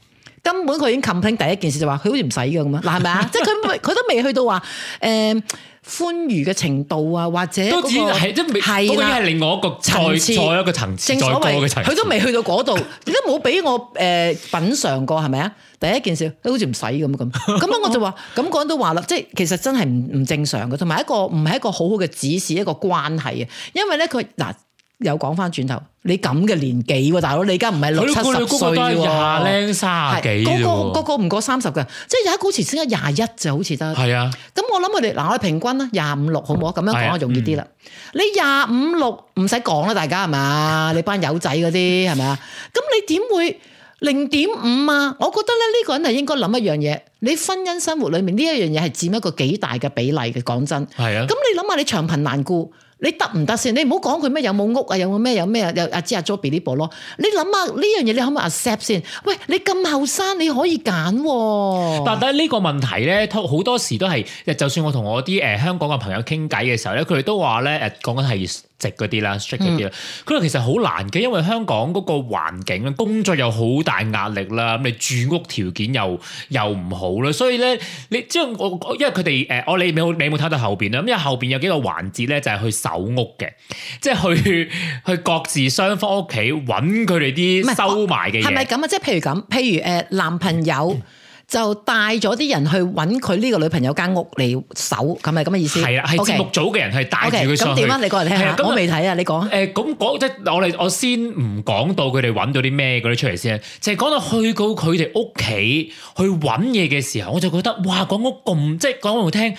根本佢已經冚平第一件事就話佢好似唔使嘅咁，嗱係咪啊？ 即係佢佢都未去到話誒歡愉嘅程度啊，或者、那個、都只係即係都只係另外一個層次，再一個層次，層次，正所謂嘅層，佢都未去到嗰度，你都冇俾我誒、呃、品嚐過係咪啊？第一件事都好似唔使咁咁，咁樣，樣我就話咁講都話啦，即係其實真係唔唔正常嘅，同埋一個唔係一個，一個好好嘅指示一個關係啊，因為咧佢嗱。有講翻轉頭，你咁嘅年紀喎、啊，大佬，你而家唔係六七十歲喎，廿零卅幾喎，個個唔是個過三十嘅，即係有一個先有廿一就好似得。係啊的，咁我諗我哋嗱，我哋平均啦，廿五六好唔好？咁樣講啊容易啲啦。嗯、你廿五六唔使講啦，大家係嘛？你班友仔嗰啲係咪啊？咁你點會零點五啊？我覺得咧呢、呢個人係應該諗一樣嘢，你婚姻生活裡面呢一樣嘢係佔一個幾大嘅比例嘅，講真。係啊的。咁你諗下你長貧難顧。你得唔得先？你唔好講佢咩，有冇屋啊？有冇咩？有咩？有阿姐阿 Joey b 呢部咯？你諗下呢樣嘢，你可唔可以 accept 先？喂，你咁後生，你可以揀喎。但係呢個問題咧，好多時都係，就算我同我啲誒香港嘅朋友傾偈嘅時候咧，佢哋都話咧誒講緊係。直嗰啲啦，strict 嗰啲啦，佢話、嗯、其實好難嘅，因為香港嗰個環境，工作又好大壓力啦，咁你住屋條件又又唔好啦，所以咧，你即係我，因為佢哋誒，我、哦、你冇你冇睇到後邊啦，咁因為後邊有幾個環節咧，就係、是、去搜屋嘅，即係去去各自雙方屋企揾佢哋啲收埋嘅嘢，係咪咁啊？即係譬如咁，譬如誒、呃，男朋友。 就帶咗啲人去揾佢呢個女朋友間屋嚟搜，係咪咁嘅意思？係啊，係節目組嘅人係帶住佢上去。咁點啊？你講嚟聽下。我未睇啊，你講。誒，咁講即係我哋，我先唔講到佢哋揾到啲咩嗰啲出嚟先，就係淨係講到去到佢哋屋企去揾嘢嘅時候，我就覺得哇，嗰屋咁即係講嚟聽，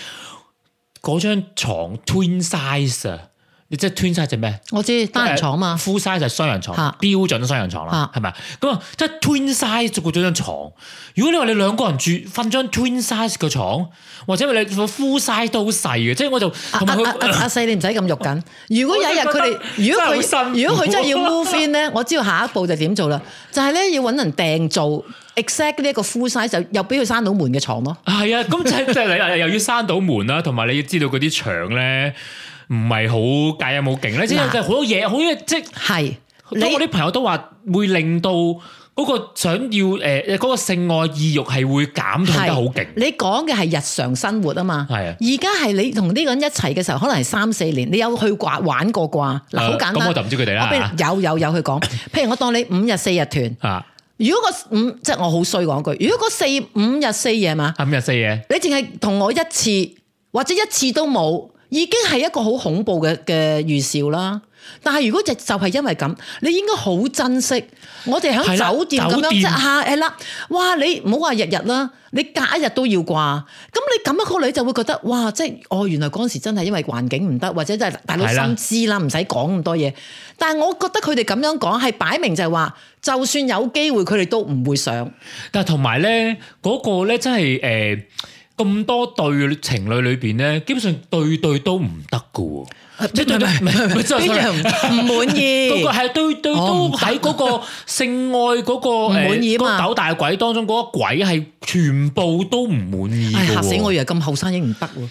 嗰張床 twinsize 啊！Twin Size? 你即係 twinsize 只咩？我知單人床嘛。full size 就係雙人床，標準雙人床啦，係咪啊？咁啊，即係 twinsize 就過咗張床。如果你話你兩個人住瞓張 twinsize 個床，或者你 full size 都好細嘅，即係我就同埋阿四，你唔使咁肉緊。如果有一日佢哋，如果佢如果佢真係要 move in 咧，我知道下一步就點做啦，就係咧要搵人訂做 exact 呢一個 full size 就又俾佢閂到門嘅床咯。係啊，咁即係即係你又要閂到門啦，同埋你要知道嗰啲牆咧。唔係好計，有冇勁咧？即係好多嘢，好多即係。係，我啲朋友都話會令到嗰個想要誒，嗰個性愛意欲係會減退得好勁。你講嘅係日常生活啊嘛。係啊。而家係你同呢個人一齊嘅時候，可能係三四年。你有去掛玩過掛嗱？好簡單。咁我就唔知佢哋啦。有有有，佢講。譬如我當你五日四日團。啊。如果個五即係我好衰講句，如果嗰四五日四夜嘛，五日四夜，你淨係同我一次，或者一次都冇。已經係一個好恐怖嘅嘅預兆啦！但係如果就就係因為咁，你應該好珍惜。我哋喺酒店咁樣即刻誒啦！哇，你唔好話日日啦，你隔一日都要掛。咁你咁一個女就會覺得哇，即係哦，原來嗰陣時真係因為環境唔得，或者真係大佬心知啦，唔使講咁多嘢。但係我覺得佢哋咁樣講係擺明就係話，就算有機會，佢哋都唔會上。但係同埋咧，嗰個咧真係誒。咁多對情侶裏邊咧，基本上對對都唔得噶。一樣唔滿意，嗰個係對對都喺嗰個性愛嗰個誒九大鬼當中嗰個鬼係全部都唔滿意嘅喎。嚇死我！以為咁後生已經唔得喎。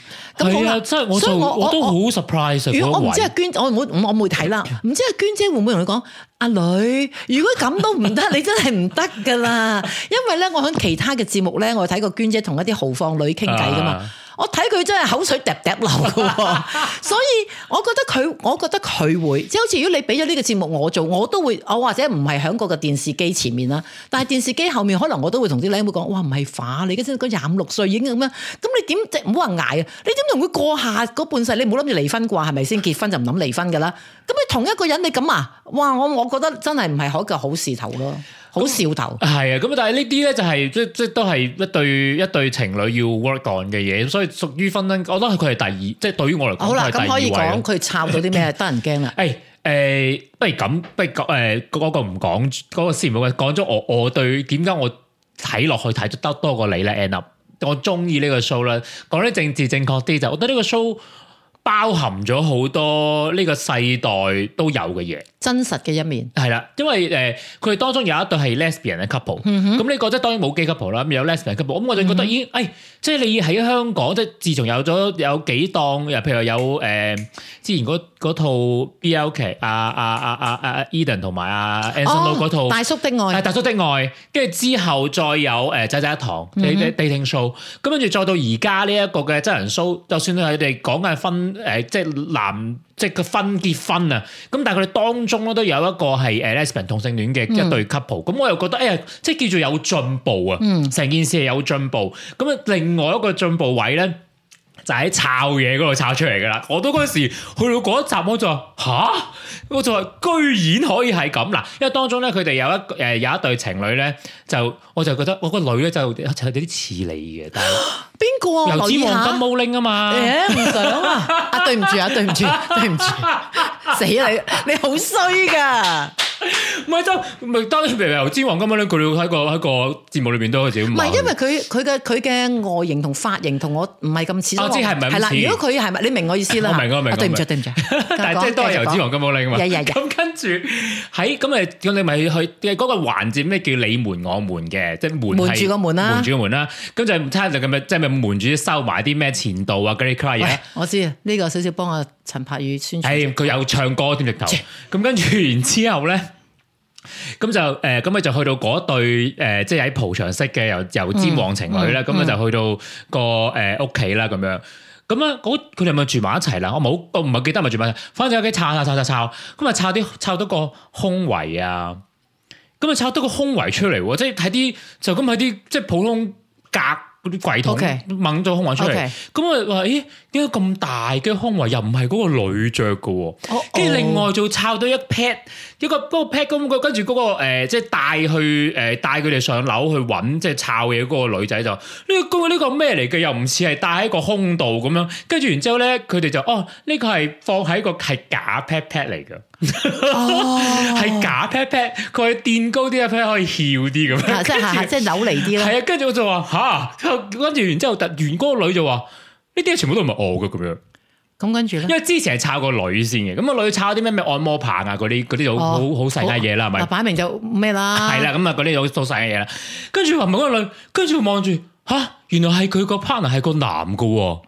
係啊，真係我所以我都好 surprise。如果我唔知阿娟，我唔好我唔會睇啦。唔知阿娟姐會唔會同佢講阿女？如果咁都唔得，你真係唔得㗎啦。因為咧，我喺其他嘅節目咧，我睇過娟姐同一啲豪放女傾偈㗎嘛。我睇佢真係口水滴滴流嘅、哦， 所以我覺得佢，我覺得佢會，即係好似如果你俾咗呢個節目我做，我都會，我或者唔係響嗰個電視機前面啦，但係電視機後面可能我都會同啲靚妹講，哇唔係化你嗰陣個廿五六歲已經咁啦，咁你點即唔好話捱啊？你點同佢過下嗰半世？你唔好諗住離婚啩？係咪先結婚就唔諗離婚㗎啦？咁你同一個人你咁啊？哇！我我覺得真係唔係一個好事頭咯。好笑到係啊！咁那但係呢啲咧就係、是、即即都係一對一對情侶要 work on 嘅嘢，所以屬於婚姻。我覺得佢係第二，即係對於我嚟講，好啦吧，咁可以講佢插到啲咩 得人驚啦？誒誒、欸，呃呃呃呃那個、不如咁，那個、不如講誒嗰個唔講嗰個先，唔好講。講咗我我對點解我睇落去睇得多過你咧？End up，我中意呢個 show 啦。講得政治正確啲就，我覺得呢個 show。包含咗好多呢個世代都有嘅嘢，真實嘅一面係啦，因為誒佢哋當中有一對係 lesbian 嘅 couple，咁你覺得當然冇 gay couple 啦，有 lesbian couple，咁我就覺得已經，誒即係你喺香港即係自從有咗有幾檔，譬如有誒之前嗰套 BL 劇，阿阿阿阿阿 Eden 同埋阿 Anson 嗰套大叔的愛，大叔的愛，跟住之後再有誒仔仔一堂，dating show，咁跟住再到而家呢一個嘅真人 show，就算佢哋講緊係分。誒，即係男，即係個婚結婚啊！咁但係佢哋當中咧，都有一個係誒 Lesbian 同性戀嘅一對 couple，嗯。咁我又覺得，哎、欸、呀，即係叫做有進步啊！嗯，成件事係有進步。咁啊，另外一個進步位咧，就喺炒嘢嗰度炒出嚟噶啦。我都嗰時去到嗰一集我，我就話吓？我就話居然可以係咁啦，因為當中咧，佢哋有一誒、呃、有一對情侶咧，就我就覺得我個女咧就，就有啲似你嘅，但係。 邊個啊？油脂黃金毛領啊嘛，唔想啊！啊對唔住啊，對唔住，對唔住，死你！你好衰噶，唔係就唔係當然，譬如油脂黃金毛領，佢哋喺個喺個節目裏面都開始唔係，因為佢佢嘅佢嘅外形同髮型同我唔係咁似。我知係唔係咁似。係啦，如果佢係咪你明我意思啦？明我明。對唔住對唔住，但係即係都係油脂黃金毛領啊嘛。咁跟住喺咁誒，咁你咪去嗰個環節咩叫你門我門嘅，即係門門住個門啦，門住個門啦。咁就睇咁即係瞞住收埋啲咩前度啊 g r e a 我知啊，呢個少少幫阿陳柏宇宣傳。係佢有唱歌添，直頭咁跟住然之後咧，咁就誒，咁咪就去到嗰對誒，即係喺蒲場識嘅，又由氈王情侶啦，咁咪就去到個誒屋企啦，咁樣咁啊，佢哋咪住埋一齊啦。我冇，我唔係記得咪住埋一。反正有幾拆拆拆拆拆，咁咪拆啲，拆多個胸圍啊！咁咪拆多個胸圍出嚟，即係睇啲就咁喺啲即係普通格。嗰啲櫃桶掹咗胸圍出嚟，咁我話咦，點解咁大嘅胸圍又唔係嗰個女着嘅？跟住另外就抄到一 pad，一個個 pad 咁個，跟住嗰個誒，即係帶去誒帶佢哋上樓去搵，即係抄嘢嗰個女仔就呢個呢個咩嚟嘅？又唔似係戴喺個胸度咁樣，跟住然之後咧，佢哋就哦呢個係放喺個係假 pad pad 嚟嘅，係假 pad pad，佢話墊高啲一 pad 可以翹啲咁樣，即係即係扭嚟啲啦。係啊，跟住我就話吓。跟住完之後，突然，個女就話：呢啲全部都唔係我嘅，咁樣。咁跟住咧，因為之前係抄個女先嘅，咁個女抄啲咩咩按摩棒啊嗰啲嗰啲好好好細粒嘢啦，係咪好？擺是明就咩啦？係啦，咁啊嗰啲好多細嘅嘢啦。跟住話，問個女，跟住望住吓，原來係佢個 partner 係個男嘅、啊。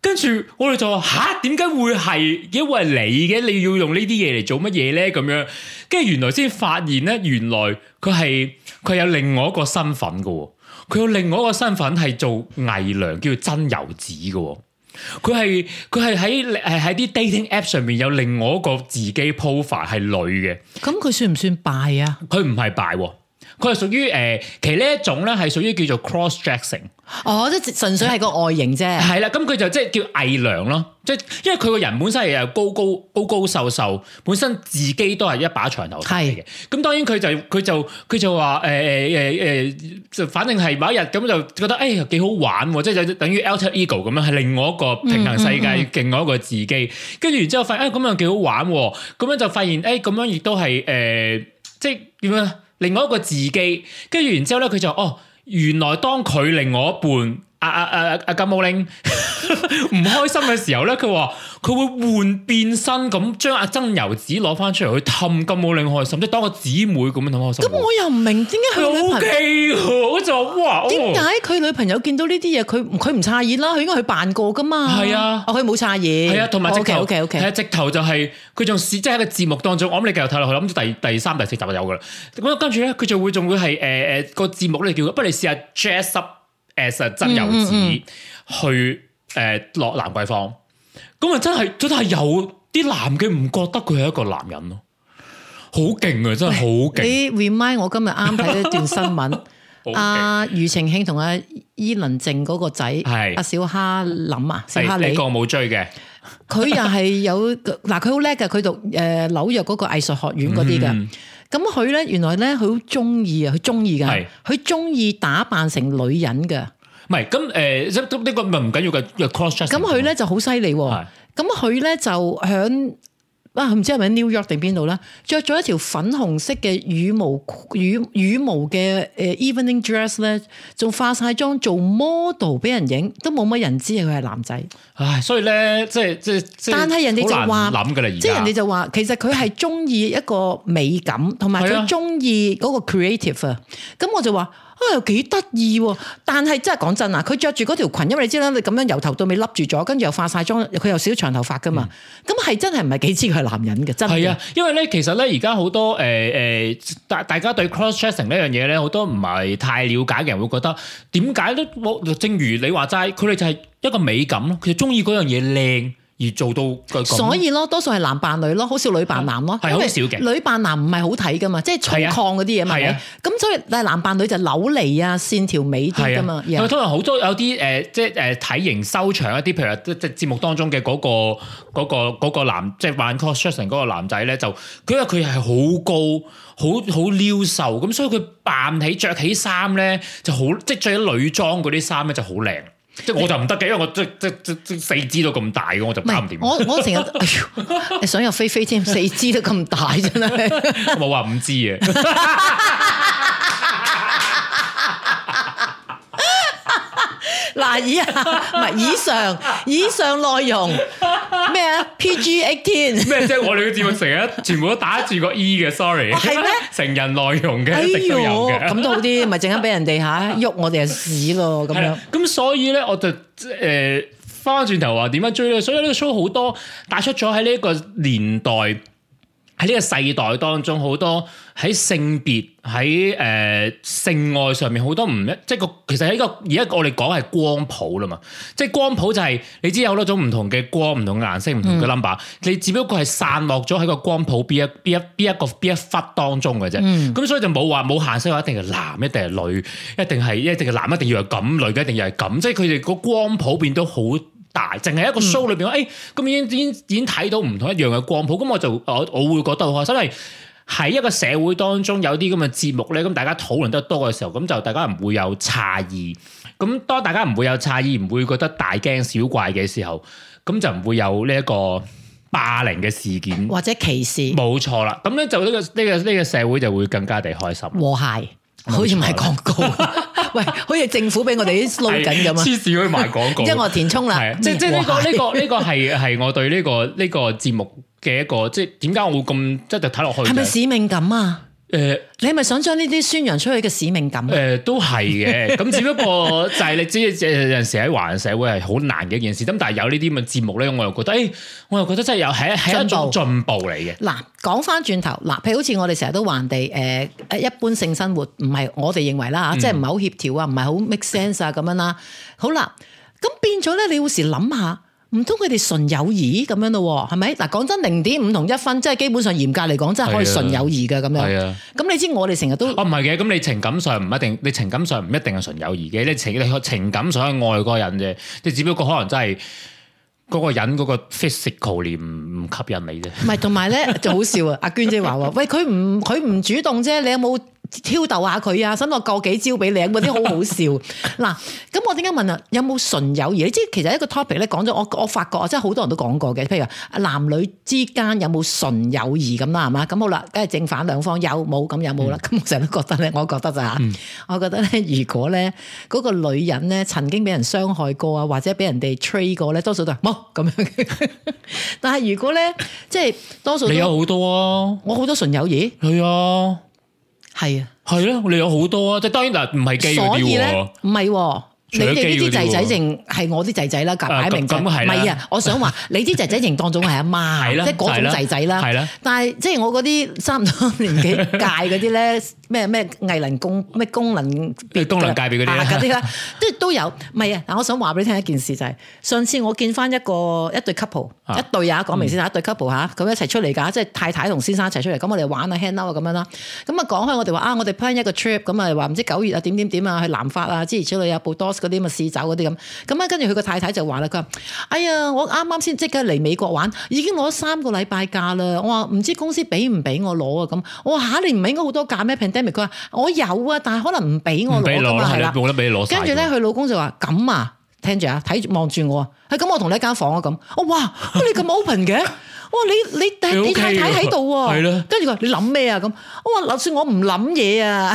跟住我哋就話吓，點、啊、解會係因為你嘅？你要用呢啲嘢嚟做乜嘢咧？咁樣，跟住原來先發現咧，原來佢係佢有另外一個身份嘅。佢有另外一個身份係做偽娘，叫做真由子嘅喎。佢係佢係喺喺啲 dating app 上面有另外一個自己 profile 係女嘅。咁佢算唔算敗啊？佢唔係敗喎。佢係屬於誒，其實呢一種咧係屬於叫做 cross dressing，哦，即係純粹係個外形啫。係啦，咁佢就即係叫偽娘咯，即係因為佢個人本身係又高高高高瘦瘦，本身自己都係一把長頭髮嘅。咁是當然佢就佢就佢就話誒誒誒誒，就、欸欸、反正係某一日咁就覺得誒幾、欸、好玩喎，即係就等於 alter ego 咁樣，係另外一個平衡世界，嗯嗯嗯另外一個自己。跟住然之後發誒咁、欸、樣幾好玩喎，咁樣就發現誒咁、欸、樣亦都係誒，即係點樣啊？另外一個自己，跟住然之後咧，佢就哦，原來當佢另外一半。啊啊啊，阿、啊啊、金毛玲唔開心嘅時候咧，佢話佢會換變身咁，將阿曾柔子攞翻出嚟去氹金毛玲開心，即係當個姊妹咁樣氹開心。咁、嗯、我又唔明點解佢女朋友就話、啊 okay, 哇？點解佢女朋友見到呢啲嘢，佢佢唔詫異啦？佢應該佢扮過噶嘛？係啊，佢冇詫異。係啊，同埋直頭，係啊、okay, okay , okay. 就是，直頭就係佢仲試即係喺個節目當中。我諗你繼續睇落去啦。諗住第第三第四集就有噶啦。咁跟住咧，佢就會仲會係誒誒個節目咧叫，不如試下 jazz up。誒、啊，真有指去誒落蘭桂坊，咁啊真係真係有啲男嘅唔覺得佢係一個男人咯，好勁啊，真係好勁！你 remind 我今日啱睇一段新聞，阿庾澄慶同阿伊能靜嗰個仔係阿小哈林啊，小哈，小哈你個冇追嘅，佢又係有嗱，佢好叻嘅，佢讀誒紐、呃、約嗰個藝術學院嗰啲嘅。 咁佢咧，原來咧，佢好中意啊，佢中意噶，佢中意打扮成女人噶。唔係，咁、呃、誒，呢個咪唔緊要嘅 crossdress 是的咁佢咧就好犀利喎。咁佢咧就響。哇，唔知係咪 New York 定邊度啦，着咗一條粉紅色嘅羽毛羽羽毛嘅誒 evening dress 咧，仲化晒妝做 model 俾人影，都冇乜人知佢係男仔。唉，所以咧，即係即係，但係人哋就話諗噶啦，而家即係人哋就話，其實佢係中意一個美感，同埋佢中意嗰個 creative 啊。咁我就話。啊，又幾得意喎！但係真係講真啊，佢着住嗰條裙，因為你知啦，你咁樣由頭到尾笠住咗，跟住又化晒妝，佢有少少長頭髮噶嘛，咁係、嗯、真係唔係幾知佢係男人嘅？真係啊，因為咧，其實咧，而家好多誒誒大大家對 cross dressing 呢樣嘢咧，好多唔係太了解嘅人會覺得點解咧？我正如你話齋，佢哋就係一個美感咯，佢就中意嗰樣嘢靚。而做到，所以咯，多數係男扮女咯，好少女扮男咯，啊、因為少女扮男唔係好睇噶嘛，即係粗獷嗰啲嘢嘛，咁、啊啊、所以但係男扮女就扭嚟啊，線條美啲噶嘛。佢、啊、Yeah. 通常好多有啲誒、呃，即係誒、呃、體型修長一啲，譬如話即即節目當中嘅嗰、嗰個嗰、嗰個嗰個嗰個、男，即係扮 cosplay 嗰個男仔咧，就佢因為佢係好高，好好撩瘦，咁所以佢扮起着起衫咧就好，即係著起女裝嗰啲衫咧就好靚。即係我就唔得嘅，因為我即即即即四肢都咁大嘅，我就打唔掂。我我成日，哎呀， 想入非非添，四肢都咁大，真係冇話五肢啊！ 嗱，以下唔係以上，以上內容咩啊？PG eighteen 咩啫？我哋嘅節目成日全部都打住個 E 嘅，sorry。係咩、啊？成人內容嘅，都、哎、呦有嘅，咁都好啲，咪陣間俾人哋嚇喐我哋嘅屎咯，咁樣。咁所以咧，我就即，誒翻轉頭話點樣追咧？所以呢個 show 好多帶出咗喺呢個年代。喺呢個世代當中，好多喺性別喺誒、呃、性愛上面好多唔一，即係個其實喺、這個而家我哋講係光譜啦嘛，即係光譜就係、是、你知有好多種唔同嘅光、唔同嘅顏色、唔同嘅 number，你只不過係散落咗喺個光譜邊一、邊一、邊一個邊一忽當中嘅啫。咁、嗯、所以就冇話冇限色，話一定係男一定係女，一定係一定係男一定要係咁，女嘅一定要係咁，即係佢哋個光譜變到好大，淨係一個 show 裏邊，誒、嗯，咁、哎、已經已經已經睇到唔同一樣嘅光譜，咁我就我我會覺得好開心，係喺一個社會當中有啲咁嘅節目咧，咁大家討論得多嘅時候，咁就大家唔會有詫異，咁當大家唔會有詫異，唔會覺得大驚小怪嘅時候，咁就唔會有呢一個霸凌嘅事件或者歧視，冇錯啦。咁咧就呢、呢個呢個呢個社會就會更加地開心和諧。 好似、哎、賣廣告，喂，好似政府俾我哋啲撈緊咁啊！黐線去賣廣告，即係我填充啦。是麼即係即係呢個呢、這個呢、 這個係係、這個、我對呢、這個呢、這個節目嘅一個，即係點解我會咁即係就睇落去係咪使命感啊？誒，你係咪想將呢啲宣揚出去嘅使命感？誒、嗯，都係嘅，咁只不過就係你知，即有陣時喺華人社會係好難嘅一件事。咁但係有呢啲咁嘅節目咧，我又覺得，誒、欸，我又覺得真係有係係一種進步嚟嘅。嗱，講翻轉頭，嗱，譬如好似我哋成日都話人哋，誒，一般性生活唔係我哋認為啦，吓、嗯，即係唔係好協調啊，唔係好 make sense 啊，咁、嗯、樣啦。好啦，咁變咗咧，你有時諗下。唔通佢哋純友誼咁樣咯？係咪？嗱，講真，零點五同一分，即係基本上嚴格嚟講，真係可以純友誼嘅咁的樣。咁的你知我哋成日都哦唔係嘅。咁、啊、你情感上唔一定，你情感上唔一定係純友誼嘅。你情你個情感上係愛嗰個人啫，即係只不過可能真係嗰個人嗰個 physical 唔唔吸引你啫。唔係，同埋咧就好笑啊！ 阿娟姐話，喂，佢唔佢唔主動啫，你有冇？挑逗下佢啊，使落教幾招俾你，嗰啲好好笑。嗱，咁我點解問啊？有冇純友誼？即係其實一個 topic 咧，講咗我我發覺啊，真係好多人都講過嘅。譬如話男女之間有冇純友誼咁啦，係嘛？咁好啦，梗係正反兩方有冇咁有冇啦？咁我成日都覺得咧，我覺得啊、就是，嗯、我覺得咧，如果咧嗰個女人咧曾經俾人傷害過啊，或者俾人哋 trade 過咧，多數都係冇咁樣。但係如果咧，即係多數你有好多啊，我好多純友誼，係啊。 係是啊，啊，係咧，我哋有好多啊，即係當然啦、啊，唔係機嗰啲喎，唔係喎。你哋呢啲仔仔淨係我啲仔仔啦，夾擺明唔係啊！我想話你啲仔仔淨當中係阿媽，即係嗰種仔仔啦。但係即係我嗰啲差唔多年紀界嗰啲咧，咩咩藝能功咩功能別功能界別嗰啲啦，即係都有。唔係啊！我想話俾你聽一件事就係，上次我見翻一個一對 couple，一對啊講明先生一對 couple 吓，咁一齊出嚟㗎，即係太太同先生一齊出嚟。咁我哋玩啊 handout 啊咁樣啦。咁啊講開，我哋話啊，我哋 plan 一個 trip，咁啊話唔知九月啊點點點啊去南法啊，諸如此類啊，報多。嗰啲咪試走嗰啲咁，咁咧，跟住佢個太太就話啦，佢話：哎呀，我啱啱先即刻嚟美國玩，已經攞咗三個禮拜假啦。我話唔知公司俾唔俾我攞啊？咁我話嚇，你唔係應該好多假咩？Pandemic，佢話我有啊，但係可能唔俾我攞啊，係啦，冇得俾攞。跟住咧，佢老公就話：咁啊！聽住啊，睇，望住我啊，係咁我同你一間房啊。咁，我，哇，哇，你咁 open 嘅， 哇，你你你，你太太喺度，係咯的，跟住佢話你諗咩啊咁？我話就算我唔諗嘢啊，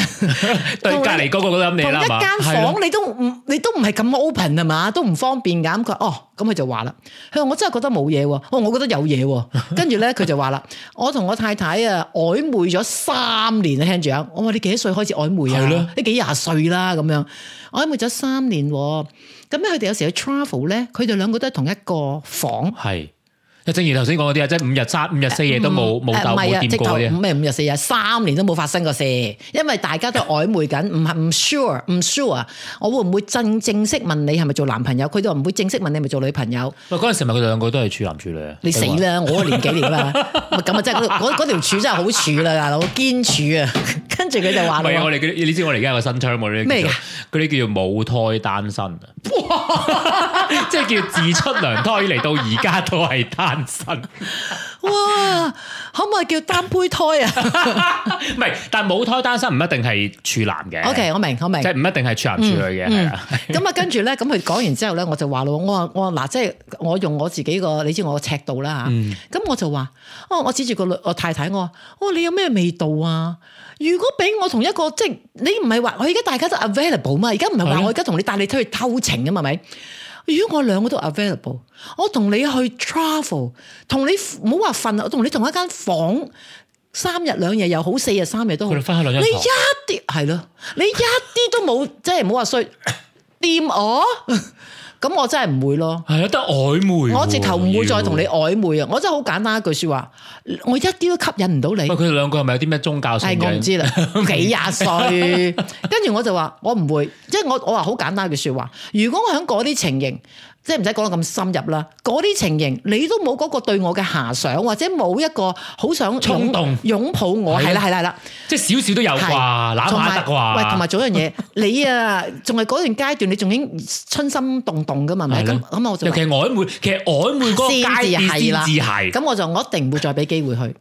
同隔籬個個都諗嘢。」啦一間房的你都唔你都唔係咁 open 啊？嘛，都唔方便噶。咁佢哦，咁佢就話啦，佢話我真係覺得冇嘢喎，我覺得有嘢喎，啊，呢 我跟住咧佢就話啦，我同我太太啊曖昧咗三年啊，聽住啊，我話你幾歲開始曖昧啊？係咯的，你幾廿歲啦咁樣，曖昧咗三年。咁咧，佢哋有時去 travel 咧，佢哋兩個都喺同一個房。係，阿正如頭先講嗰啲啊，即係五日三、五日四夜都冇冇鬥冇掂過嘅。唔係，五日四日三年都冇發生過事，因為大家都曖昧緊，唔係唔 sure，唔 sure 啊！我會唔會真正式問你係咪做男朋友？佢都唔會正式問你係咪做女朋友。嗱、呃，嗰陣時咪佢哋兩個都係處男處女啊！你死啦！我年紀年噶，咁啊即嗰嗰條處真係好處啦，大佬堅處啊！跟住佢就話：唔我哋嘅你知我哋而家有個新 term 喎，呢啲咩啲叫做母胎單身啊！ 即係叫自出娘胎嚟 到而家都係單身。 哇，可唔可以叫單胚胎啊？唔係，但係冇胎單身唔一定係處男嘅。O、okay, K，我明，我明，即係唔一定係處男處女嘅。咁、嗯嗯、啊，嗯嗯、 跟住咧，咁佢講完之後咧，我就話咯，我話我話嗱，即、啊、係、就是、我用我自己個，你知我嘅尺度啦嚇。咁、嗯嗯、我就話，哦，我指住個我太太，我話，我、哦、你有咩味道啊？如果俾我同一個，即係你唔係話我而家大家都 available 嘛？而家唔係話我而家同你帶你出去偷情啊嘛？係咪？如果我兩個都 available，我同你去 travel，同你唔好話瞓，我同你同一間房三日兩夜又好，四日三夜都好，一你一啲係咯，你一啲都冇， 即係唔好話衰掂我。 咁我真係唔會咯，係啊，得曖昧。我直頭唔會再同你曖昧啊！要我真係好簡單一句說話，我一啲都吸引唔到你。佢哋兩個係咪有啲咩宗教性？係，我唔知啦，幾廿歲， 跟住我就話，我唔會，即係我我話好簡單一句說話，如果我喺嗰啲情形。即係唔使講得咁深入啦，嗰啲情形你都冇嗰個對我嘅遐想，或者冇一個好想衝動擁抱我，係啦係啦係啦，的即係少少都有啩，揦得啩。喂，同埋仲有一樣嘢， 你啊仲係嗰段階段，你仲已經春心動動嘅嘛咪？咁咁的我就 其，我其實曖昧其實曖昧個階段先至係咁我就我一定唔會再俾機會去。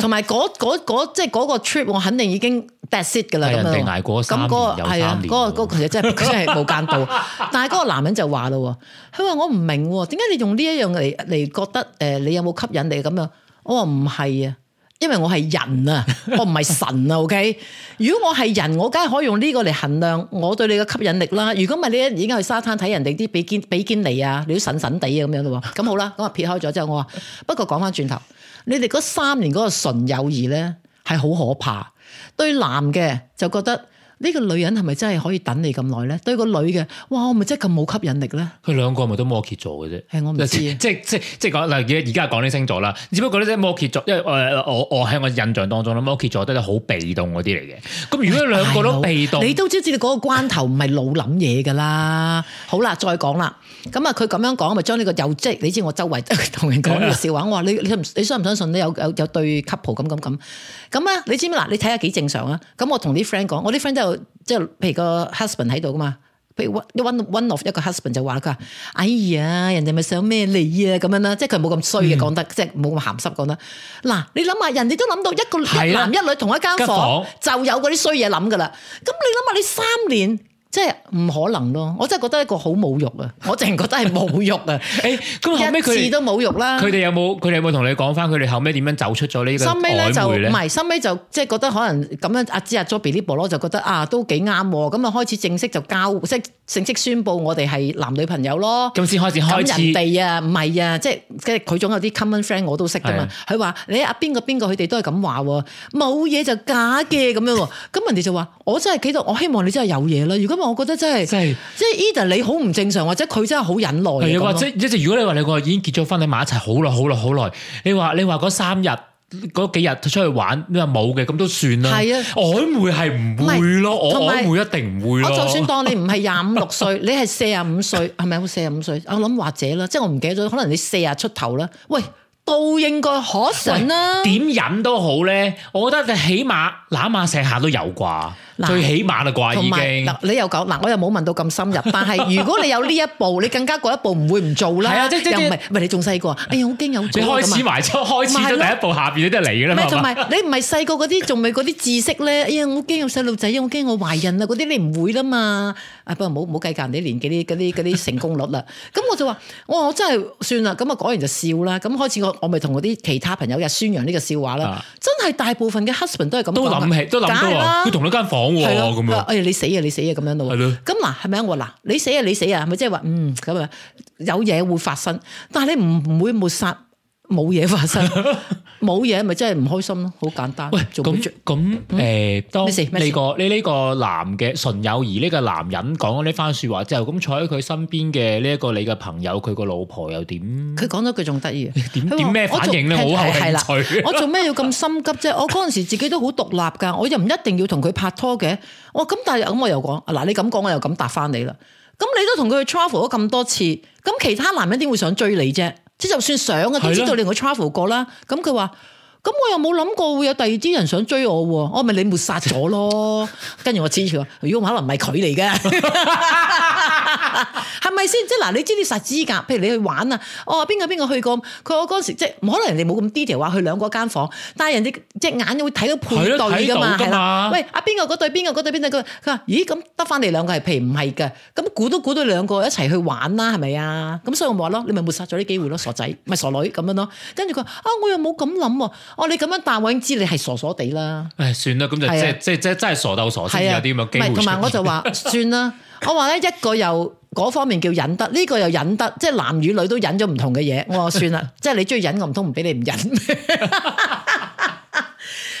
同埋即係嗰個 trip，、那個、我肯定已經。That's it 噶啦咁咯，咁嗰係啊，嗰、嗰個嗰其實真係真係無間道， 但係嗰個男人就話咯，佢話我唔明點解你用呢一樣嚟嚟覺得誒、呃、你有冇吸引力咁樣？我話唔係啊，因為我係人啊，我唔係神啊。OK，如果我係人，我梗係可以用呢個嚟衡量我對你嘅吸引力啦。如果唔係你而家去沙灘睇人哋啲比堅比堅尼啊，你都神神地啊咁樣咯。咁好啦，咁啊撇開咗之後，我話不過講返轉頭，你哋嗰三年嗰個純友誼咧係好可怕。對男嘅就覺得呢個女人係咪真係可以等你咁耐咧？對個女嘅，哇，我咪真係咁冇吸引力咧？佢兩個係咪都摩羯座嘅啫，係我唔知，即係即係即係講嗱而而家講啲星座啦。只不過呢啲摩羯座，因為我我喺我印象當中啦，摩羯座都係好被動嗰啲嚟嘅。咁如果兩個都被動，你呦都知唔知道嗰個關頭唔係老諗嘢噶啦？ 好啦，再講啦。咁啊，佢咁樣講咪將呢個有即你知我周圍同人講呢個笑話。我話 你你,你相唔相信你有有有對 couple 咁咁咁。咁啊，你知唔知嗱？你睇下幾正常啊？咁我同啲 friend 講，我啲 friend 都即係譬如個 husband 喺度噶嘛，譬如 one one one of 一個 husband 就話佢話：哎呀，人哋咪想咩你啊咁樣啦、啊，即係佢冇咁衰嘅講、嗯、得，即係冇咁鹹濕講得。嗱，你諗下，人哋都諗到一個、啊、一男一女同一間房就有嗰啲衰嘢諗噶啦。咁你諗下你三年。即係唔可能咯，我真係覺得一個好侮辱啊！我淨係覺得係侮辱啊！誒，咁後尾佢都侮辱啦。佢哋有冇佢哋有冇同你講返佢哋後尾點樣走出咗呢個？深尾咧，就唔係深尾就即係覺得可能咁樣阿芝阿 Joey 呢波咯，就覺得啊都幾啱咁，啊開始正式就交即正式宣布我哋係男女朋友咯。咁先開始開始。咁人哋啊唔係啊，即係佢總有啲 common friend 我都識噶嘛。佢話你阿邊個邊個佢哋都係咁話冇嘢就假嘅咁樣喎。咁人哋就話我真係企度，我希望你真係有嘢啦。如果我我覺得真係，就是、即係，即係 Eddie，你好唔正常，或者佢真係好忍耐。係啊果樣，即係，即係，如果你話你個已經結咗婚喺埋一齊好耐，好耐，好耐，你話你話嗰三日嗰幾日出去玩，你話冇嘅，咁都算啦。係是啊，曖昧係唔會咯，曖是昧一定唔會咯有。我就算當你唔係廿五六歲，歲 你係四十五歲，係咪好四十五歲？我諗或者啦，即係我唔記得咗，可能你四十出頭啦。喂！都應該可信啦，點忍都好咧。我覺得你起碼嗱，馬石下都有啩，最起碼啦啩。已經嗱，你又講嗱，我又冇問到咁深入。但係如果你有呢一步，你更加嗰一步唔會唔做啦。係啊，即即唔係唔係你仲細個？哎呀，好驚，有驚。你開始懷初開始咗第一步，下邊都嚟噶啦嘛。同埋你唔係細個嗰啲，仲未嗰啲知識咧？哎呀，我驚有細路仔，我驚我懷孕啦，嗰啲你唔會啦嘛。啊、哎！不過唔好唔好計較人哋年紀啲嗰啲啲成功率啦。咁我就話：我我真係算啦。咁啊，講完就笑啦。咁開始我我咪同我啲其他朋友又宣揚呢個笑話啦。的真係大部分嘅 husband 都係咁講都諗起，都諗到啊！佢同一間房喎、啊，咁的樣。哎呀，你死啊！你死啊！咁樣度。係咯的。咁嗱，係咪啊？嗱，你死啊！你死啊！係咪即係話嗯咁啊？有嘢會發生，但係你唔會抹殺冇嘢發生。 冇嘢咪真係唔開心咯，好簡單。喂，咁咁誒，呃嗯、當呢個你呢個男嘅純友誼呢個男人講咗呢番說話之後，就咁坐喺佢身邊嘅呢一個你嘅朋友，佢個老婆又點？佢講咗句仲得意，點點咩反應咧？好說就興趣。我做咩要咁心急啫？ 我嗰陣時自己都好獨立噶，我又唔一定要同佢拍拖嘅。我咁但係咁我又講，嗱你咁講我又咁答翻你啦。咁你都同佢 travel 咗咁多次，咁其他男人點會想追你啫？即就算想啊，是的 都知道你同佢 travel 過啦。咁佢話。咁我又冇諗過會有第二啲人想追我喎，我咪你抹殺咗咯。跟住我知持佢，如果可能唔係佢嚟嘅，係咪先？即係嗱，你知啲殺之噶，譬如你去玩啊，哦，話邊個邊個去過，佢我嗰時即係可能人哋冇咁 detail 話去兩個間房，但係人哋隻眼會睇到配對噶嘛，係嘛？喂，阿、啊、邊個嗰對，邊個嗰對，邊對個，佢話咦咁得翻嚟兩個係譬如唔係嘅，咁估都估到兩個一齊去玩啦，係咪啊？咁所以我咪話咯，你咪抹殺咗啲機會咯，傻仔，咪傻女咁樣咯。跟住佢話啊，我又冇咁諗。我、哦、你咁樣答我已經知你係傻傻地啦。唉，算啦，咁就即係即係即係真係傻到傻先、啊、有啲咁嘅機會。同埋我就話 算啦。我話咧一個又嗰方面叫忍得，呢、這個又忍得，即係男與女都忍咗唔同嘅嘢。我話算啦， 即係你中意忍，我唔通唔俾你唔忍。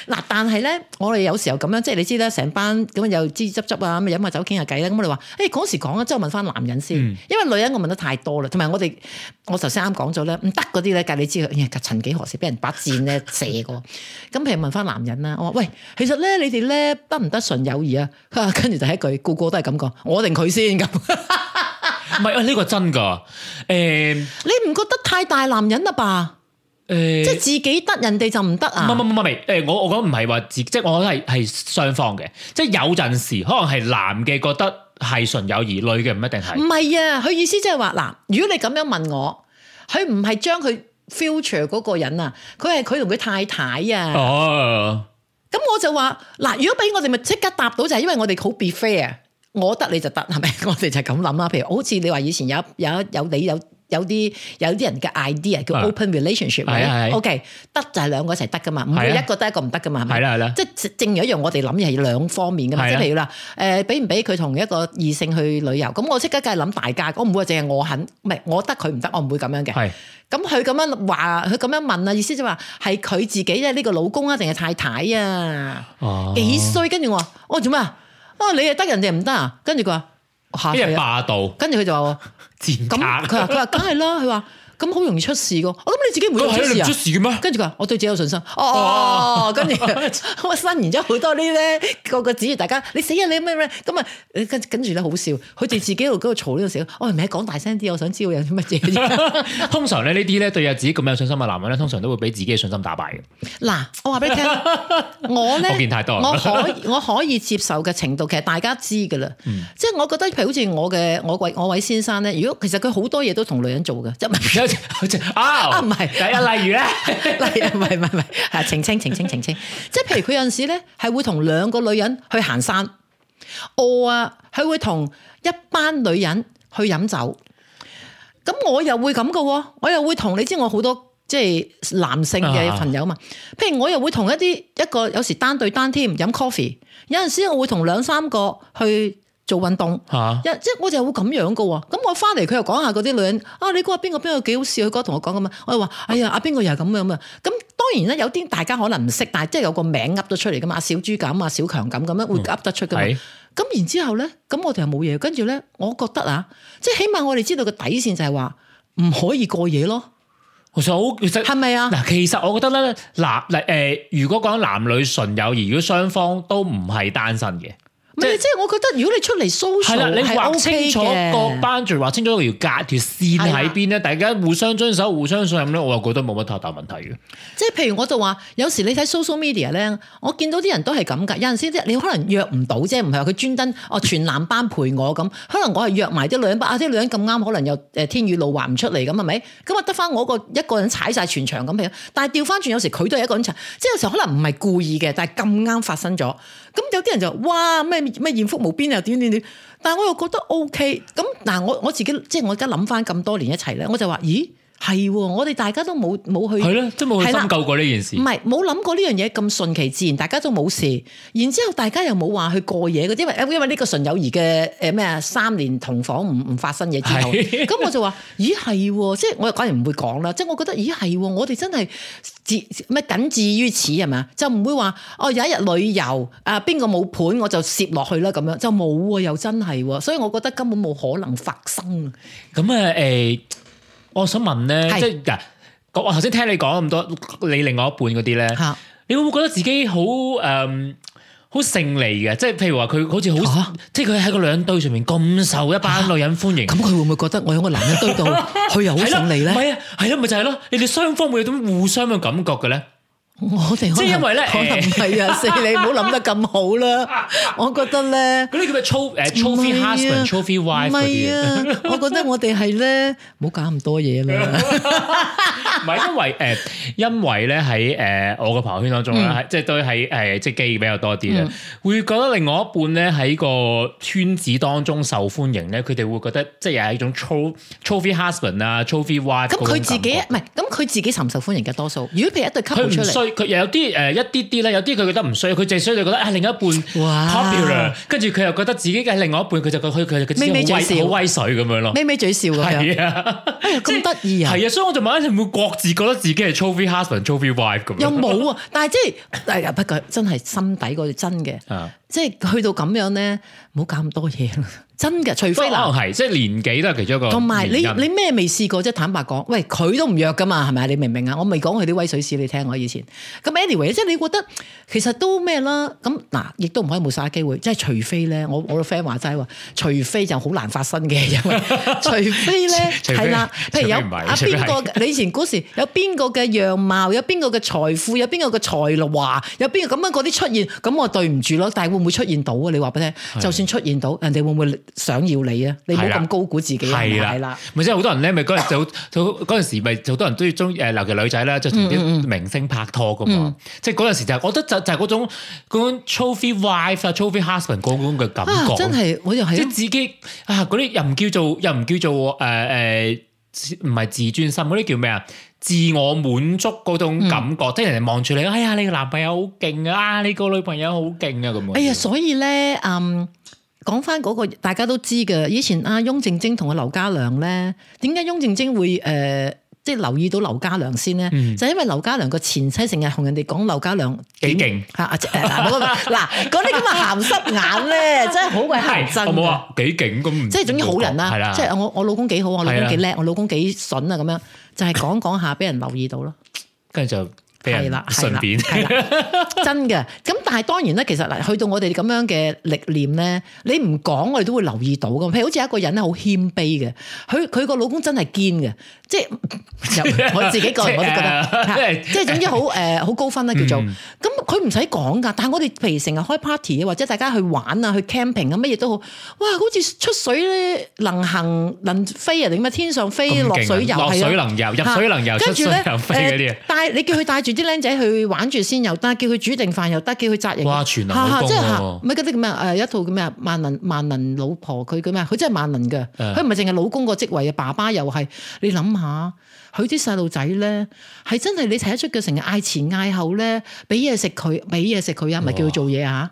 嗱，但係咧，我哋有時候咁樣，即係你知啦，成班咁樣又吱吱執執啊，咁飲下酒傾下偈啦，咁我哋話，誒，嗰時講咗，之後問翻男人先，嗯、因為女人我問得太多啦，同埋我哋我頭先啱講咗咧，唔得嗰啲咧，介你知，誒，曾幾何時俾人把箭咧射過，咁譬如問翻男人啦，我話喂，其實咧你哋咧得唔得純友誼啊？跟住就係一句，個個都係咁講，我定佢先咁，唔係，呢個真噶，誒、呃，你唔覺得太大男人啦吧？欸、即係自己得，人哋就唔得啊！唔係唔唔係誒，我我覺得唔係話自，即係我都係係雙方嘅。即係有陣時，可能係男嘅覺得係純友誼，女嘅唔一定係。唔係啊！佢意思即係話嗱，如果你咁樣問我，佢唔係將佢 future 嗰個人啊，佢係佢同佢太太啊。哦。咁我就話嗱，如果俾我哋咪即刻答到，就係、是、因為我哋好 be fair，我得你就得，係咪？我哋就咁諗啦。譬如好似你話以前有有有，有你有。有啲有啲人嘅 idea 叫 open relationship，OK、right? okay, 得的就係兩個一齊得噶嘛，唔係的一個得的一個唔得噶嘛，係係啦係啦，即係正如一樣，我哋諗嘢係兩方面噶嘛，即係譬如啦，誒、呃，俾唔俾佢同一個異性去旅遊？咁我即刻梗係諗大家，我唔會淨係我肯，唔係我得佢唔得，我唔會咁樣嘅。咁佢咁樣話，佢咁樣問啊，意思即係話係佢自己即呢、呢個老公啊，定係太太啊？哦，幾衰，跟住我話，我做咩啊？哦，你又得人哋唔得啊？跟住佢話。咩霸道？跟住佢就話：賤格。佢話：佢話，梗係啦。佢話。咁好容易出事噶，咁你自己唔好出事嘅咩？跟住佢話我對自己有信心。哦，哦跟住我伸延咗好多啲咧，個個指住大家：你死啊！你咩咩咁啊？跟跟住咧好笑，佢哋自己喺度度嘈呢個時候，我係咪講大聲啲，我想知道有啲乜嘢。 通常咧呢啲咧對啊自己咁有信心嘅男人咧，通常都會俾自己嘅信心打敗嘅。嗱、啊，我話俾你聽， 我咧呢我見太多，我可我可以接受嘅程度，其實大家知噶啦。即係、嗯、我覺得，譬如好似我嘅我位我位先生咧，如果其實佢好多嘢都同女人做嘅，即 好 啊唔係，例如咧，例如唔係唔係，係澄清澄清澄清，澄清澄清 即係譬如佢有陣時咧係會同兩個女人去行山，哦啊，佢會同一班女人去飲酒，咁我又會咁嘅，我又會同你知我好多即係男性嘅朋友嘛，啊、譬如我又會同一啲一個有時單對單添飲 coffee，有陣時我會同兩三個去。做運動，啊、即係我就係會咁樣噶，咁我翻嚟佢又講下嗰啲女人，啊你估下邊個邊個幾好笑，佢嗰個同我講咁啊，我話哎呀阿邊個又係咁樣啊，咁當然咧有啲大家可能唔識，但係即係有個名噏得出嚟噶嘛，小豬咁啊小強咁咁樣會噏得出噶，咁、嗯、然之後咧，咁我哋又冇嘢，跟住咧，我覺得啊，即係起碼我哋知道個底線就係話唔可以過夜咯，其實好其實係咪啊嗱，其實我覺得咧，嗱嗱誒，如果講男女純友誼，如果雙方都唔係單身嘅。唔係，即係我覺得，如果你出嚟 social 係啦，你畫清楚個班注，畫清楚條隔條線喺邊咧，的大家互相遵守、互相信任咧，我又覺得冇乜太大問題嘅。即係譬如我就話，有時你睇 social media 咧，我見到啲人都係咁㗎。有陣時即你可能約唔到啫，唔係話佢專登哦全男班陪我咁。可能我係約埋啲女人班，啊啲女人咁啱，可能又誒天雨路滑唔出嚟咁係咪？咁啊得翻我個一個人踩晒全場咁樣。但係調翻轉，有時佢都係一個人踩，即係有時可能唔係故意嘅，但係咁啱發生咗。咁有啲人就話：哇，咩咩艷福無邊啊，點點點！但係我又覺得 OK。咁嗱，我我自己即係我而家諗翻咁多年一齊咧，我就話：咦？係，我哋大家都冇冇去係咯，即冇的去深究過呢件事的。唔係，冇諗過呢樣嘢，咁順其自然，大家都冇事。然之後大家又冇話去過夜嘅，因為因為呢個純友誼嘅，誒咩啊三年同房唔唔發生嘢之後，咁我就話咦係，即係我又反而唔會講啦。即係我覺得咦係，我哋真係至咩僅止於此係咪？就唔會話哦有一日旅遊啊邊個冇盤我就攝落去啦，咁樣就冇啊，又真係，所以我覺得根本冇可能發生。咁啊誒。呃我想問咧，是即係嗱、啊，我頭先聽你講咁多，你另外一半嗰啲咧，你會唔會覺得自己好誒好勝利嘅？即係譬如話佢好似好，啊、即係佢喺個女人堆上面咁受一班女人歡迎，咁佢、啊啊、會唔會覺得我有個男人堆到，佢 又好勝利咧？唔係啊，係啊，咪就係、是、咯，你哋雙方會有種互相嘅感覺嘅咧。我哋即係因為咧，可能唔係啊，所以你唔好諗得咁好啦。我覺得咧，嗰啲叫咩？trophy 誒，trophy husband，trophy wife 嗰啲。唔係啊，我覺得我哋係咧，唔好搞咁多嘢啦。唔係因為誒，因為咧喺誒我嘅朋友圈當中咧，即係對係誒即係基比較多啲咧，會覺得另外一半咧喺個圈子當中受歡迎咧，佢哋會覺得即係有一種 tro trophy husband 啊，trophy wife 咁佢自己唔係咁佢自己尋受歡迎嘅多數。如果佢一對 couple 出嚟，佢又有啲誒、呃、一啲啲咧，有啲佢覺得唔需要，佢淨係需要覺得啊，另一半 popular，跟住佢又覺得自己嘅另外一半，佢就佢佢佢啲好威好威水咁樣咯，眯眯嘴笑係啊，咁得意啊，係啊，所以我就問一會會各自覺得自己係 trophy husband trophy wife 咁？又冇 啊，但係即係，但不過真係心底嗰啲真嘅啊。即係去到咁樣咧，唔好搞咁多嘢啦！真嘅，除非嗱，係、啊、我即係年紀都係其中一個，同埋你你咩未試過？即係坦白講，喂佢都唔弱噶嘛，係咪？你明唔明啊？我未講佢啲威水史，你聽我以前。咁 anyway，即係你覺得其實都咩啦？咁嗱，亦都唔可以冇晒機會。即係除非咧，我我個 friend 話齋話，除非就好難發生嘅，因為除非咧係 啦，譬如有啊邊個？你以前嗰時有邊個嘅樣貌，有邊個嘅財富，有邊個嘅才華，有邊個咁樣嗰啲出現，咁我對唔住咯。但係會。會出現到啊！你話俾聽，就算出現到，人哋會唔會想要你啊？你唔好咁高估自己嘅能力啦。咪即係好多人咧，咪嗰日就就嗰陣時咪好多人都要中意，誒、尤、啊、其女仔咧，就同啲明星拍拖咁嘛。即係嗰陣時就係，我覺得就就係嗰種嗰種嗰種 trophy wife 啊，trophy husband 嗰種嘅感覺。真係我又係即係自己啊！嗰啲、啊、又唔叫做又唔叫做誒誒。呃呃唔係自尊心，嗰啲叫咩啊？自我滿足嗰種感覺，嗯、即係人哋望住你，哎呀，你個男朋友好勁啊，啊，你個女朋友好勁啊咁。哎呀，所以咧，嗯，講翻嗰個大家都知嘅，以前啊，翁靜晶同阿劉家良咧，點解翁靜晶會誒？呃即係留意到劉家良先咧，嗯、就因為劉家良個前妻成日同人哋講劉家良幾勁嚇，嗱嗱嗰啲咁嘅鹹濕眼咧， 真係好鬼係真。我冇話幾勁咁，即係總之好人啦、啊。嗯、即係我我老公幾好，我老公幾叻，的我老公幾筍啊咁樣，就係、係、講講下俾人留意到咯，跟住就。係啦，順便，係啦，真嘅。咁但係當然咧，其實嗱，去到我哋咁樣嘅歷練咧，你唔講我哋都會留意到嘅。譬如好似一個人咧，好謙卑嘅，佢佢個老公真係堅嘅，即係我自己個人我都覺得，即係總之好誒好高分啦叫做。咁佢唔使講噶，但係我哋譬如成日開 party 或者大家去玩啊，去 camping 啊，乜嘢都好，哇！好似出水咧，能行能飛啊定乜天上飛落水遊，水能遊，入水能遊，跟住能，能，能飛嗰啲。你叫佢帶住。啲僆仔去玩住先又得，叫佢煮定飯又得，叫佢責任吓吓，即係吓，唔係啲咁啊，誒、啊啊呃，一套叫咩啊，萬能萬能老婆，佢叫咩？佢真係萬能噶，佢唔係淨係老公個職位啊，爸爸又係，你諗下，佢啲細路仔咧，係真係你睇得出佢成日嗌前嗌後咧，俾嘢食佢，俾嘢食佢啊，唔係叫佢做嘢吓。哦。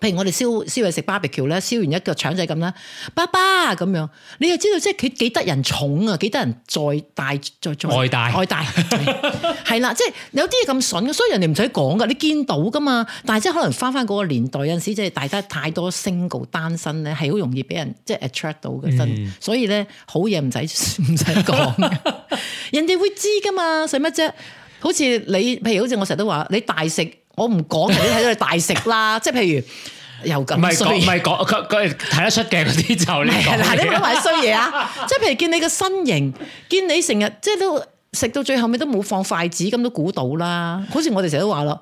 譬如我哋燒燒嚟食 barbecue 咧，燒完一個腸仔咁啦，爸爸咁樣，你又知道即係佢幾得人寵啊，幾得人再大，再再大。大係啦，即係有啲嘢咁筍嘅，所以人哋唔使講噶，你見到噶嘛。但係即係可能翻翻嗰個年代有陣時，即係大家太多 single 單身咧，係好容易俾人即係 attract 到嘅真。嗯、所以咧好嘢唔使唔使講， 人哋會知噶嘛，使乜啫？好似你譬如好似我成日都話，你大食。我唔講你睇到佢大食啦， 即係譬如又咁衰嘢，唔係講佢佢睇得出嘅嗰啲就你係 啦，你咪都衰嘢啊！ 即係譬如見你個身形，見你成日即係都食到最後尾都冇放筷子咁都估到啦。好似我哋成日都話咯，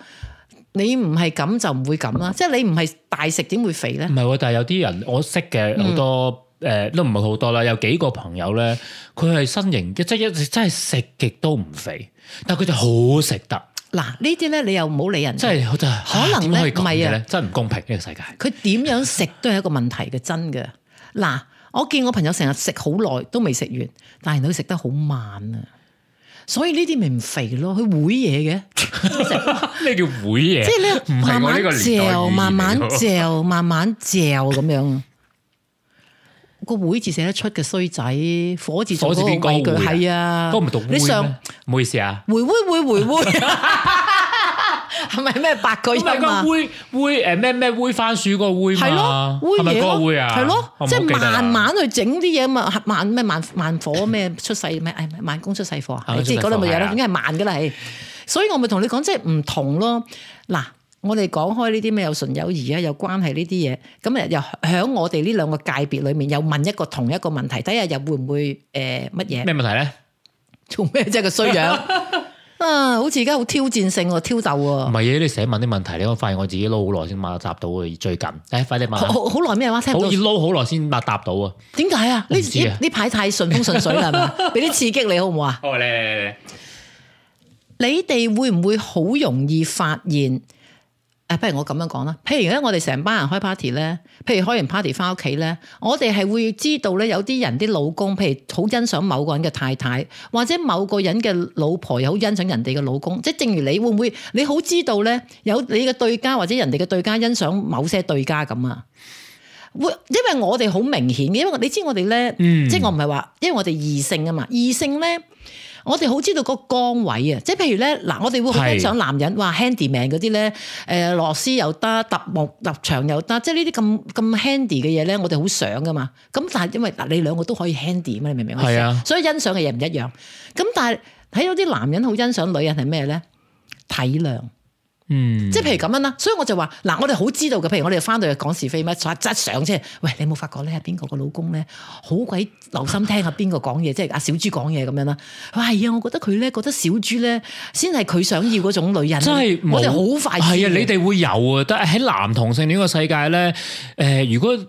你唔係咁就唔會咁啦。 即係你唔係大食點會肥咧？唔係喎，但係有啲人我識嘅好多誒、呃，都唔係好多啦。有幾個朋友咧，佢係身形嘅，即係真係食極都唔肥，但係佢哋好食得。嗱，呢啲咧你又唔好理人，即係真係可能咧，唔係啊，真係唔公平呢個世界。佢點樣食都係一個問題嘅，真嘅。嗱， 我見我朋友成日食好耐都未食完，但係佢食得好慢啊，所以呢啲咪唔肥咯，佢會嘢嘅，咩 叫會嘢，即係咧慢慢嚼，慢慢嚼，慢慢嚼咁樣。個會字寫得出嘅衰仔，火字嗰個尾句係啊，都唔讀。你上，唔好意思啊，回回回回回，係咪咩白句？唔係個煨煨誒咩咩煨番薯個煨係咯，煨嘢咯，煨啊，係咯，即係慢慢去整啲嘢啊嘛，慢咩慢慢火咩出世，咩慢工出細貨，即係嗰度咪有咯，已經係慢噶啦，係，所以我咪同你講，即係唔同咯，嗱。我哋講開呢啲咩有純友誼啊有關係呢啲嘢，咁啊又響我哋呢兩個界別裏面又問一個同一個問題，睇下又會唔會誒乜嘢？咩問題咧？做咩啫？個衰樣啊！好似而家好挑戰性，挑逗喎。唔係嘢，你成日問啲問題，你會發現我自己撈好耐先問答到嘅，最近。誒，快啲問。好，好耐咩話？聽唔到。好似撈好耐先問答到啊？點解啊？呢呢排太順風順水啦，係咪？俾啲刺激你好唔好啊？你哋會唔會好容易發現？哎、不如我咁樣講啦，譬如咧，我哋成班人開 party 咧，譬如開完 party 翻屋企咧，我哋係會知道咧，有啲人啲老公，譬如好欣賞某個人嘅太太，或者某個人嘅老婆又好欣賞人哋嘅老公，即係正如你會唔會，你好知道咧，有你嘅對家或者人哋嘅對家欣賞某些對家咁啊？會，因為我哋好明顯嘅，因為你知我哋咧，嗯、即係我唔係話，因為我哋異性啊嘛，異性咧。我哋好知道個崗位啊，即係譬如咧，嗱，我哋會好欣賞男人，是的 哇，handy man 嗰啲咧，誒、呃，螺絲又得，揼木立牆又得，即係呢啲咁咁 handy 嘅嘢咧，我哋好想噶嘛。咁但係因為嗱，你兩個都可以 handy 啊，你明唔明啊？係啊，所以欣賞嘅嘢唔一樣。咁但係睇到啲男人好欣賞女人係咩咧？體諒。嗯，即係譬如咁樣啦，所以我就話嗱，我哋好知道嘅。譬如我哋翻到去講是非咩，實質上即係，喂，你有冇發覺咧？邊個個老公咧，好鬼留心聽下邊個講嘢，即係阿小豬講嘢咁樣啦？話係啊，我覺得佢咧，覺得小豬咧，先係佢想要嗰種女人。真係，我哋好快係啊！你哋會有啊？但係喺男同性戀個世界咧，誒、呃，如果誒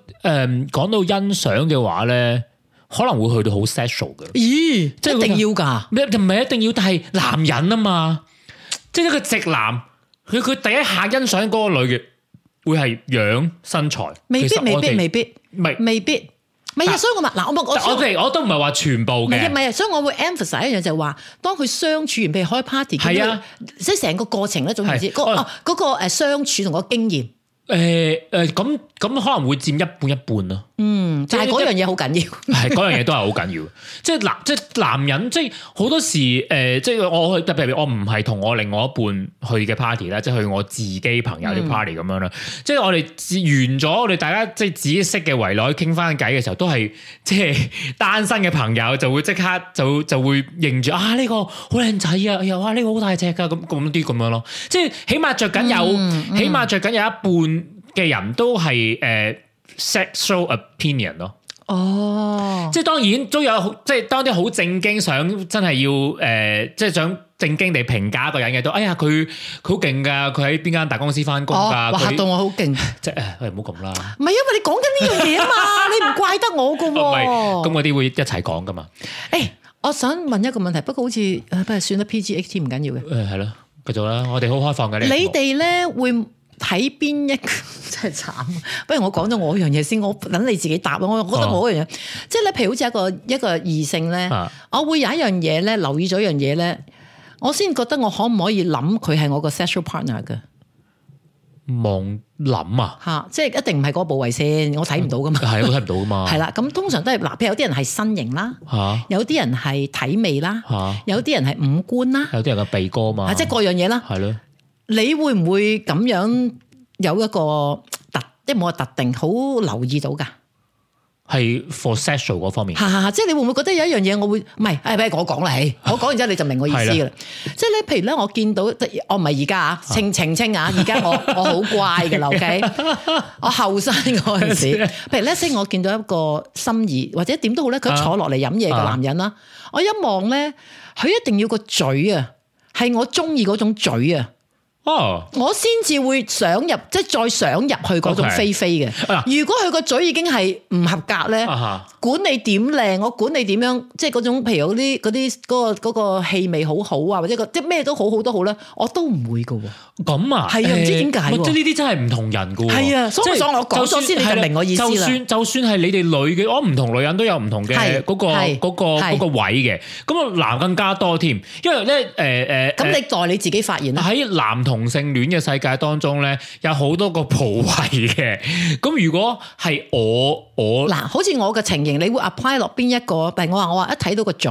講、呃、到欣賞嘅話咧，可能會去到好 sexual 嘅。咦，一定要噶？唔係，唔係一定要，但係男人啊嘛，即係 一個直男。佢佢第一下欣賞嗰個女嘅，會係樣身材，未必未必未必，唔係未必，唔係啊！所以我問嗱，我我 okay，我都唔係，我都唔係話全部嘅，唔係啊！所以我會 emphasize 一樣就係話，當佢相處完，譬如開 party，係啊，即係成個過程咧，總言之，嗰哦嗰個誒相處同個經驗，誒誒、呃，咁、呃、咁可能會佔一半一半咯。嗯，就係、是、嗰樣嘢好緊要是，係嗰 樣嘢都係好緊要，即、就、係、是、男，即、就、係、是、男人，即係好多時，誒、呃，即、就、係、是、我去特別，我唔係同我另外一半去嘅 party 咧，即係去我自己朋友啲 party 咁樣啦，即係、嗯、我哋完咗，我哋大家即係、就是、自己識嘅圍內傾翻偈嘅時候，都係即係單身嘅朋友就會即刻就就會認住啊呢個好靚仔啊，又哇呢個好、啊哎啊這個，大隻噶咁咁啲咁樣咯，即係、就是、起碼着緊有，嗯嗯、起碼着緊有一半嘅人都係誒。呃 sexual opinion 咯，哦，即係當然都有，即係當啲好正經，想真係要誒、呃，即係想正經地評價一個人嘅都，哎呀，佢佢好勁噶，佢喺邊間大公司返工噶，吓到、哦、他我好勁，即係誒，喂，唔好咁啦，唔係、啊、因為你講緊呢樣嘢啊嘛， 你唔怪得我噶、啊，唔咁嗰啲會一齊講噶嘛，誒、欸，我想問一個問題，不過好似不係算得 PGHT 唔緊要嘅，誒係咯，繼續啦，我哋好開放嘅，你呢你哋咧會。睇邊一個真係慘，不如我講咗我樣嘢先，我等你自己答咯。我覺得我嗰樣嘢，啊、即係咧，譬如好似一個一個異性咧，是的 我會有一樣嘢咧，留意咗一樣嘢咧，我先覺得我可唔可以諗佢係我個 sexual partner 嘅？望諗啊？吓，即係一定唔係嗰個部位先，我睇唔到噶嘛。係，我睇唔到噶嘛。係啦，咁通常都係，嗱，譬如有啲人係身形啦，有啲人係體味啦，有啲人係五官啦，有啲人嘅鼻哥嘛，即係各樣嘢啦，係咯。你會唔會咁樣有一個特有有一冇特定好留意到噶係 for sexual 方面，吓、啊、即係你會唔會覺得有一樣嘢、哎？我會唔係誒？唔係 我講啦，我講完之後你就明我意思噶啦。的即係咧，譬如咧，我見到我唔係而家啊，澄澄清，清啊，而家我我好乖嘅 OK，我後生嗰陣時，譬如咧先，我見到一個心儀或者點都好咧，佢坐落嚟飲嘢嘅男人啦，啊啊、我一望咧，佢一定要個嘴啊，係我中意嗰種嘴啊。哦，我先至會想入，即係再想入去嗰種非非嘅。如果佢個嘴已經係唔合格咧，管你點靚，我管你點樣，即係嗰種，譬如嗰啲嗰啲嗰個嗰個氣味好好啊，或者個即係咩都好好都好啦，我都唔會噶。咁啊，係啊，唔知點解，即係呢啲真係唔同人噶。係啊，所以我講，首先你明我意思啦。就算就算係你哋女嘅，我唔同女人都有唔同嘅嗰個嗰個嗰個位嘅。咁啊，男更加多添，因為咧誒誒。咁你代你自己發現啦。喺男同。同性戀嘅世界當中咧，有好多個部位嘅。咁如果係我我嗱，好似我嘅情形，你會 apply 落邊一個？譬如我話我話一睇到個嘴，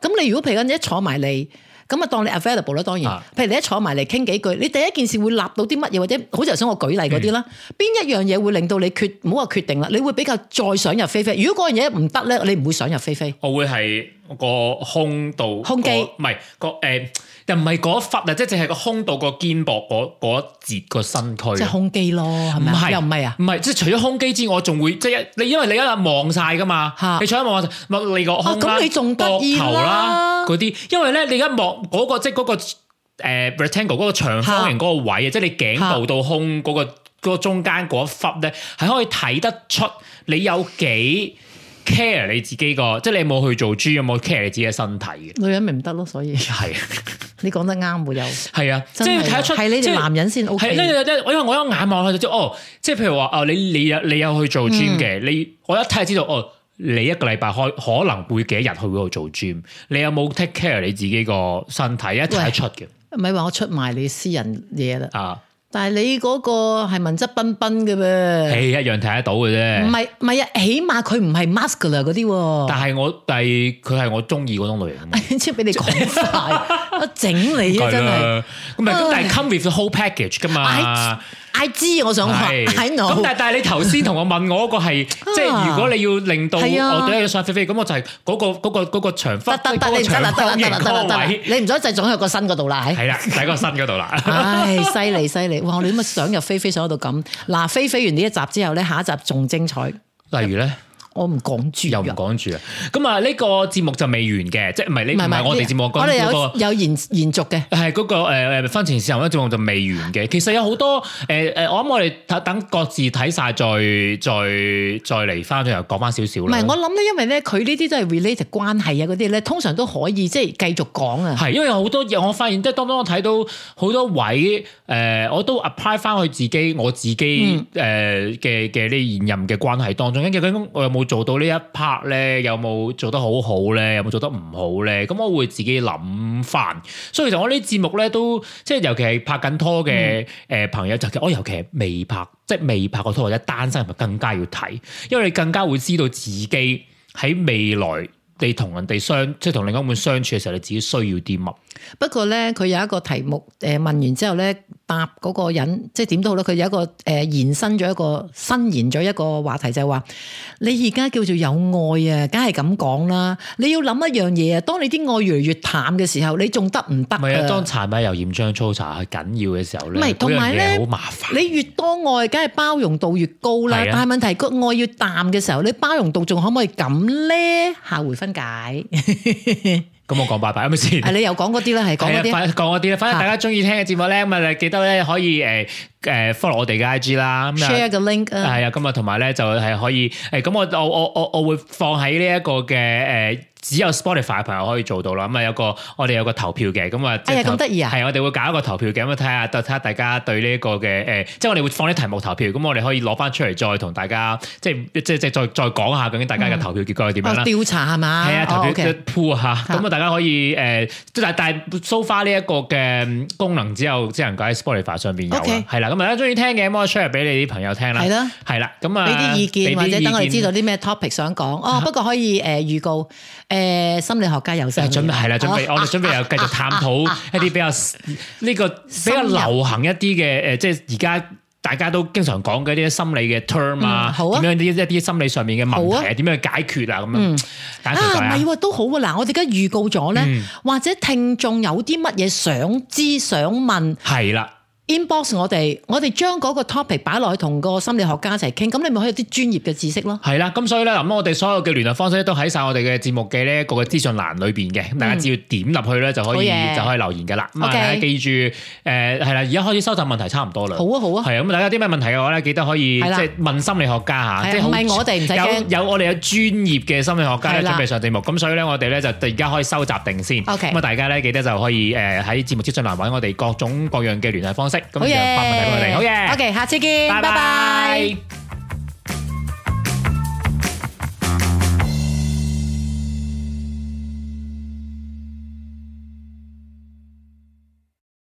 咁你如果譬如講你一坐埋嚟，咁啊當你 available 咧，當然。譬如你一坐埋嚟傾幾句，你第一件事會立到啲乜嘢？或者好似頭先我舉例嗰啲啦，邊一樣嘢會令到你決唔好話決定啦？你會比較再想入非非。如果嗰樣嘢唔得咧，你唔會想入非非。我會係個胸度胸肌，唔係個誒。又唔係嗰一忽啊，即係淨係個胸到個肩膊嗰一截個身軀。即係胸肌咯，係咪？唔是又唔係啊？唔係，即係除咗胸肌之外，仲會即係你因為你而家望晒㗎嘛？是你坐一望下，望是你個胸、啊、你啦、膊頭啦、嗰啲。因為咧，你一望嗰個即係嗰、嗰個誒、呃、rectangle 嗰個長方形嗰個位啊，即係是你頸部到胸嗰、嗰個嗰、嗰個中間嗰一忽咧，係可以睇得出你有幾 care 你自己個，即係你有冇去做 gym，有冇 care 你自己嘅身體嘅？女人咪唔得咯，所以係、啊、你講得啱會有？係啊，即係睇得出係你男人先 O K。係咧，因為，我一眼望落去就知哦，即係譬如話啊、哦，你你有你有去做 gym 嘅，嗯、你我一睇就知道哦，你一個禮拜開可能會幾多日去嗰度做 gym，你有冇 take care 你自己個身體一睇得出嘅？唔係話我出賣你私人嘢啦啊！但係你嗰個係文質彬彬嘅噃，係、欸、一樣睇得到嘅啫。唔係唔係啊，起碼佢唔係 muscular 嗰啲喎。但係我但係佢係我中意嗰種類型。超俾 你講晒， 我整你啊真係。咁啊，的但係 come with the whole package 㗎唉嘛。I G，我想去。咁但係但係你頭先同我問我嗰個係， 即係如果你要令到我對上飛飛，咁、 啊、我就係嗰、那個嗰、那個嗰、那個長髮的得場，嗱嗱嗱嗱嗱嗱嗱你唔使再一陣總喺個身嗰度啦，係、 哎。係啦，喺個身嗰度啦。唉，犀利犀利！哇，你咁想入飛飛想到咁嗱、啊，飛飛完呢一集之後咧，下一集仲精彩。例如咧？我唔講住又唔講住啊！咁啊，呢個節目就未完嘅，即係唔係你，唔係我哋節目嗰、那個有，有延延續嘅，係嗰、那個誒婚前試行為嘅節目就未完嘅。其實有好多誒誒、呃，我諗我哋等各自睇晒，再再再嚟翻，就講翻少少。唔係，我諗咧，因為咧，佢呢啲都係 related 關係啊，嗰啲咧，通常都可以即係、就是、繼續講啊。係，因為好多嘢，我發現即係當當我睇到好多位誒、呃，我都 apply 翻佢自己，我自己誒嘅嘅呢現任嘅關係當中，因為嗰我有冇？做到一呢一拍咧，有冇做得好好咧？有冇做得唔好咧？咁我會自己諗翻。所以其實我呢啲節目咧，都即係尤其係拍緊拖嘅誒朋友，就、嗯、我尤其係未拍，即係未拍過拖或者單身，咪更加要睇，因為你更加會知道自己喺未來。你同人哋相，即係同另一半相處嘅時候，你自己需要啲乜？不過咧，佢有一個題目，誒、呃、問完之後咧，答嗰個人，即係點都好啦。佢有一個誒、呃、延伸咗一個伸延咗一個話題就，就係話你而家叫做有愛啊，梗係咁講啦。你要諗一樣嘢啊，當你啲愛越嚟越淡嘅時候，你仲得唔得啊？唔、啊、當柴米油鹽醬醋茶緊要嘅時候咧，唔係同埋咧好麻煩，你越多愛梗係包容度越高啦。是啊、但係問題個愛越淡嘅時候，你包容度仲可唔可以咁咧？下回分解，咁我講拜拜咁先。係你又講嗰啲咧，係講嗰啲，講嗰啲咧。反正大家中意聽嘅節目咧，咁啊你記得咧可以誒誒 follow 我哋嘅 IG 啦，share 個 link。係啊，今日同埋咧就係可以誒，咁我我我我我會放喺呢一個嘅誒。只有 Spotify 嘅朋友可以做到啦。咁啊有個我哋有個投票嘅，咁啊、哎呀，係啊投，咁得意啊！係我哋會搞一個投票嘅，咁啊睇下，睇下大家對呢、這個嘅誒、呃，即係我哋會放啲題目投票。咁我哋可以攞翻出嚟，再同大家即係即係即係再再講下究竟大家嘅投票結果係點樣啦？調查係嘛？係啊，投票 pull、哦 okay. 下。咁啊，大家可以誒，即、呃、係但係但 so far 呢一個嘅功能只有只能夠喺 Spotify 上邊有、嗯、啦。係、嗯、啦，咁啊，中意聽嘅 share 俾你啲朋友聽啦。係咯，係啦。咁啊，俾啲、啊、意見或者等我哋知道啲咩 topic 想講。 哦，不過可以誒、呃、預告。Uh 誒，心理學家又成，係啦，準備，我哋準備又繼續探討一啲比較呢個比較流行一啲嘅誒，即係而家大家都經常講嘅一啲心理嘅 term 啊，點樣一啲一啲心理上面嘅問題啊，點樣去解決啊咁樣啊，但係，唔係喎，都好啊，嗱，我哋而家預告咗咧，或者聽眾有啲乜嘢想知想問，係啦。inbox 我哋，我哋將嗰個 topic 擺落去同個心理學家一齊傾，咁你咪可以有啲專業嘅知識咯。係啦，咁所以咧，咁我哋所有嘅聯絡方式都喺曬我哋嘅節目嘅咧個資訊欄裏邊嘅，咁大家只要點入去咧就可以就可以留言噶啦。咁啊，大家記住誒，係啦，而家開始收集問題差唔多啦。好啊，好啊，係咁。大家有啲咩問題嘅話咧，記得可以即係問心理學家嚇。唔係我哋唔使有有我哋有專業嘅心理學家咧準備上節目，咁所以咧我哋咧就而家可以收集定先。咁啊，大家咧記得就可以誒喺節目資訊欄揾我哋各種各樣嘅聯絡方式。好嘢！好嘢！OK，下次見，拜拜。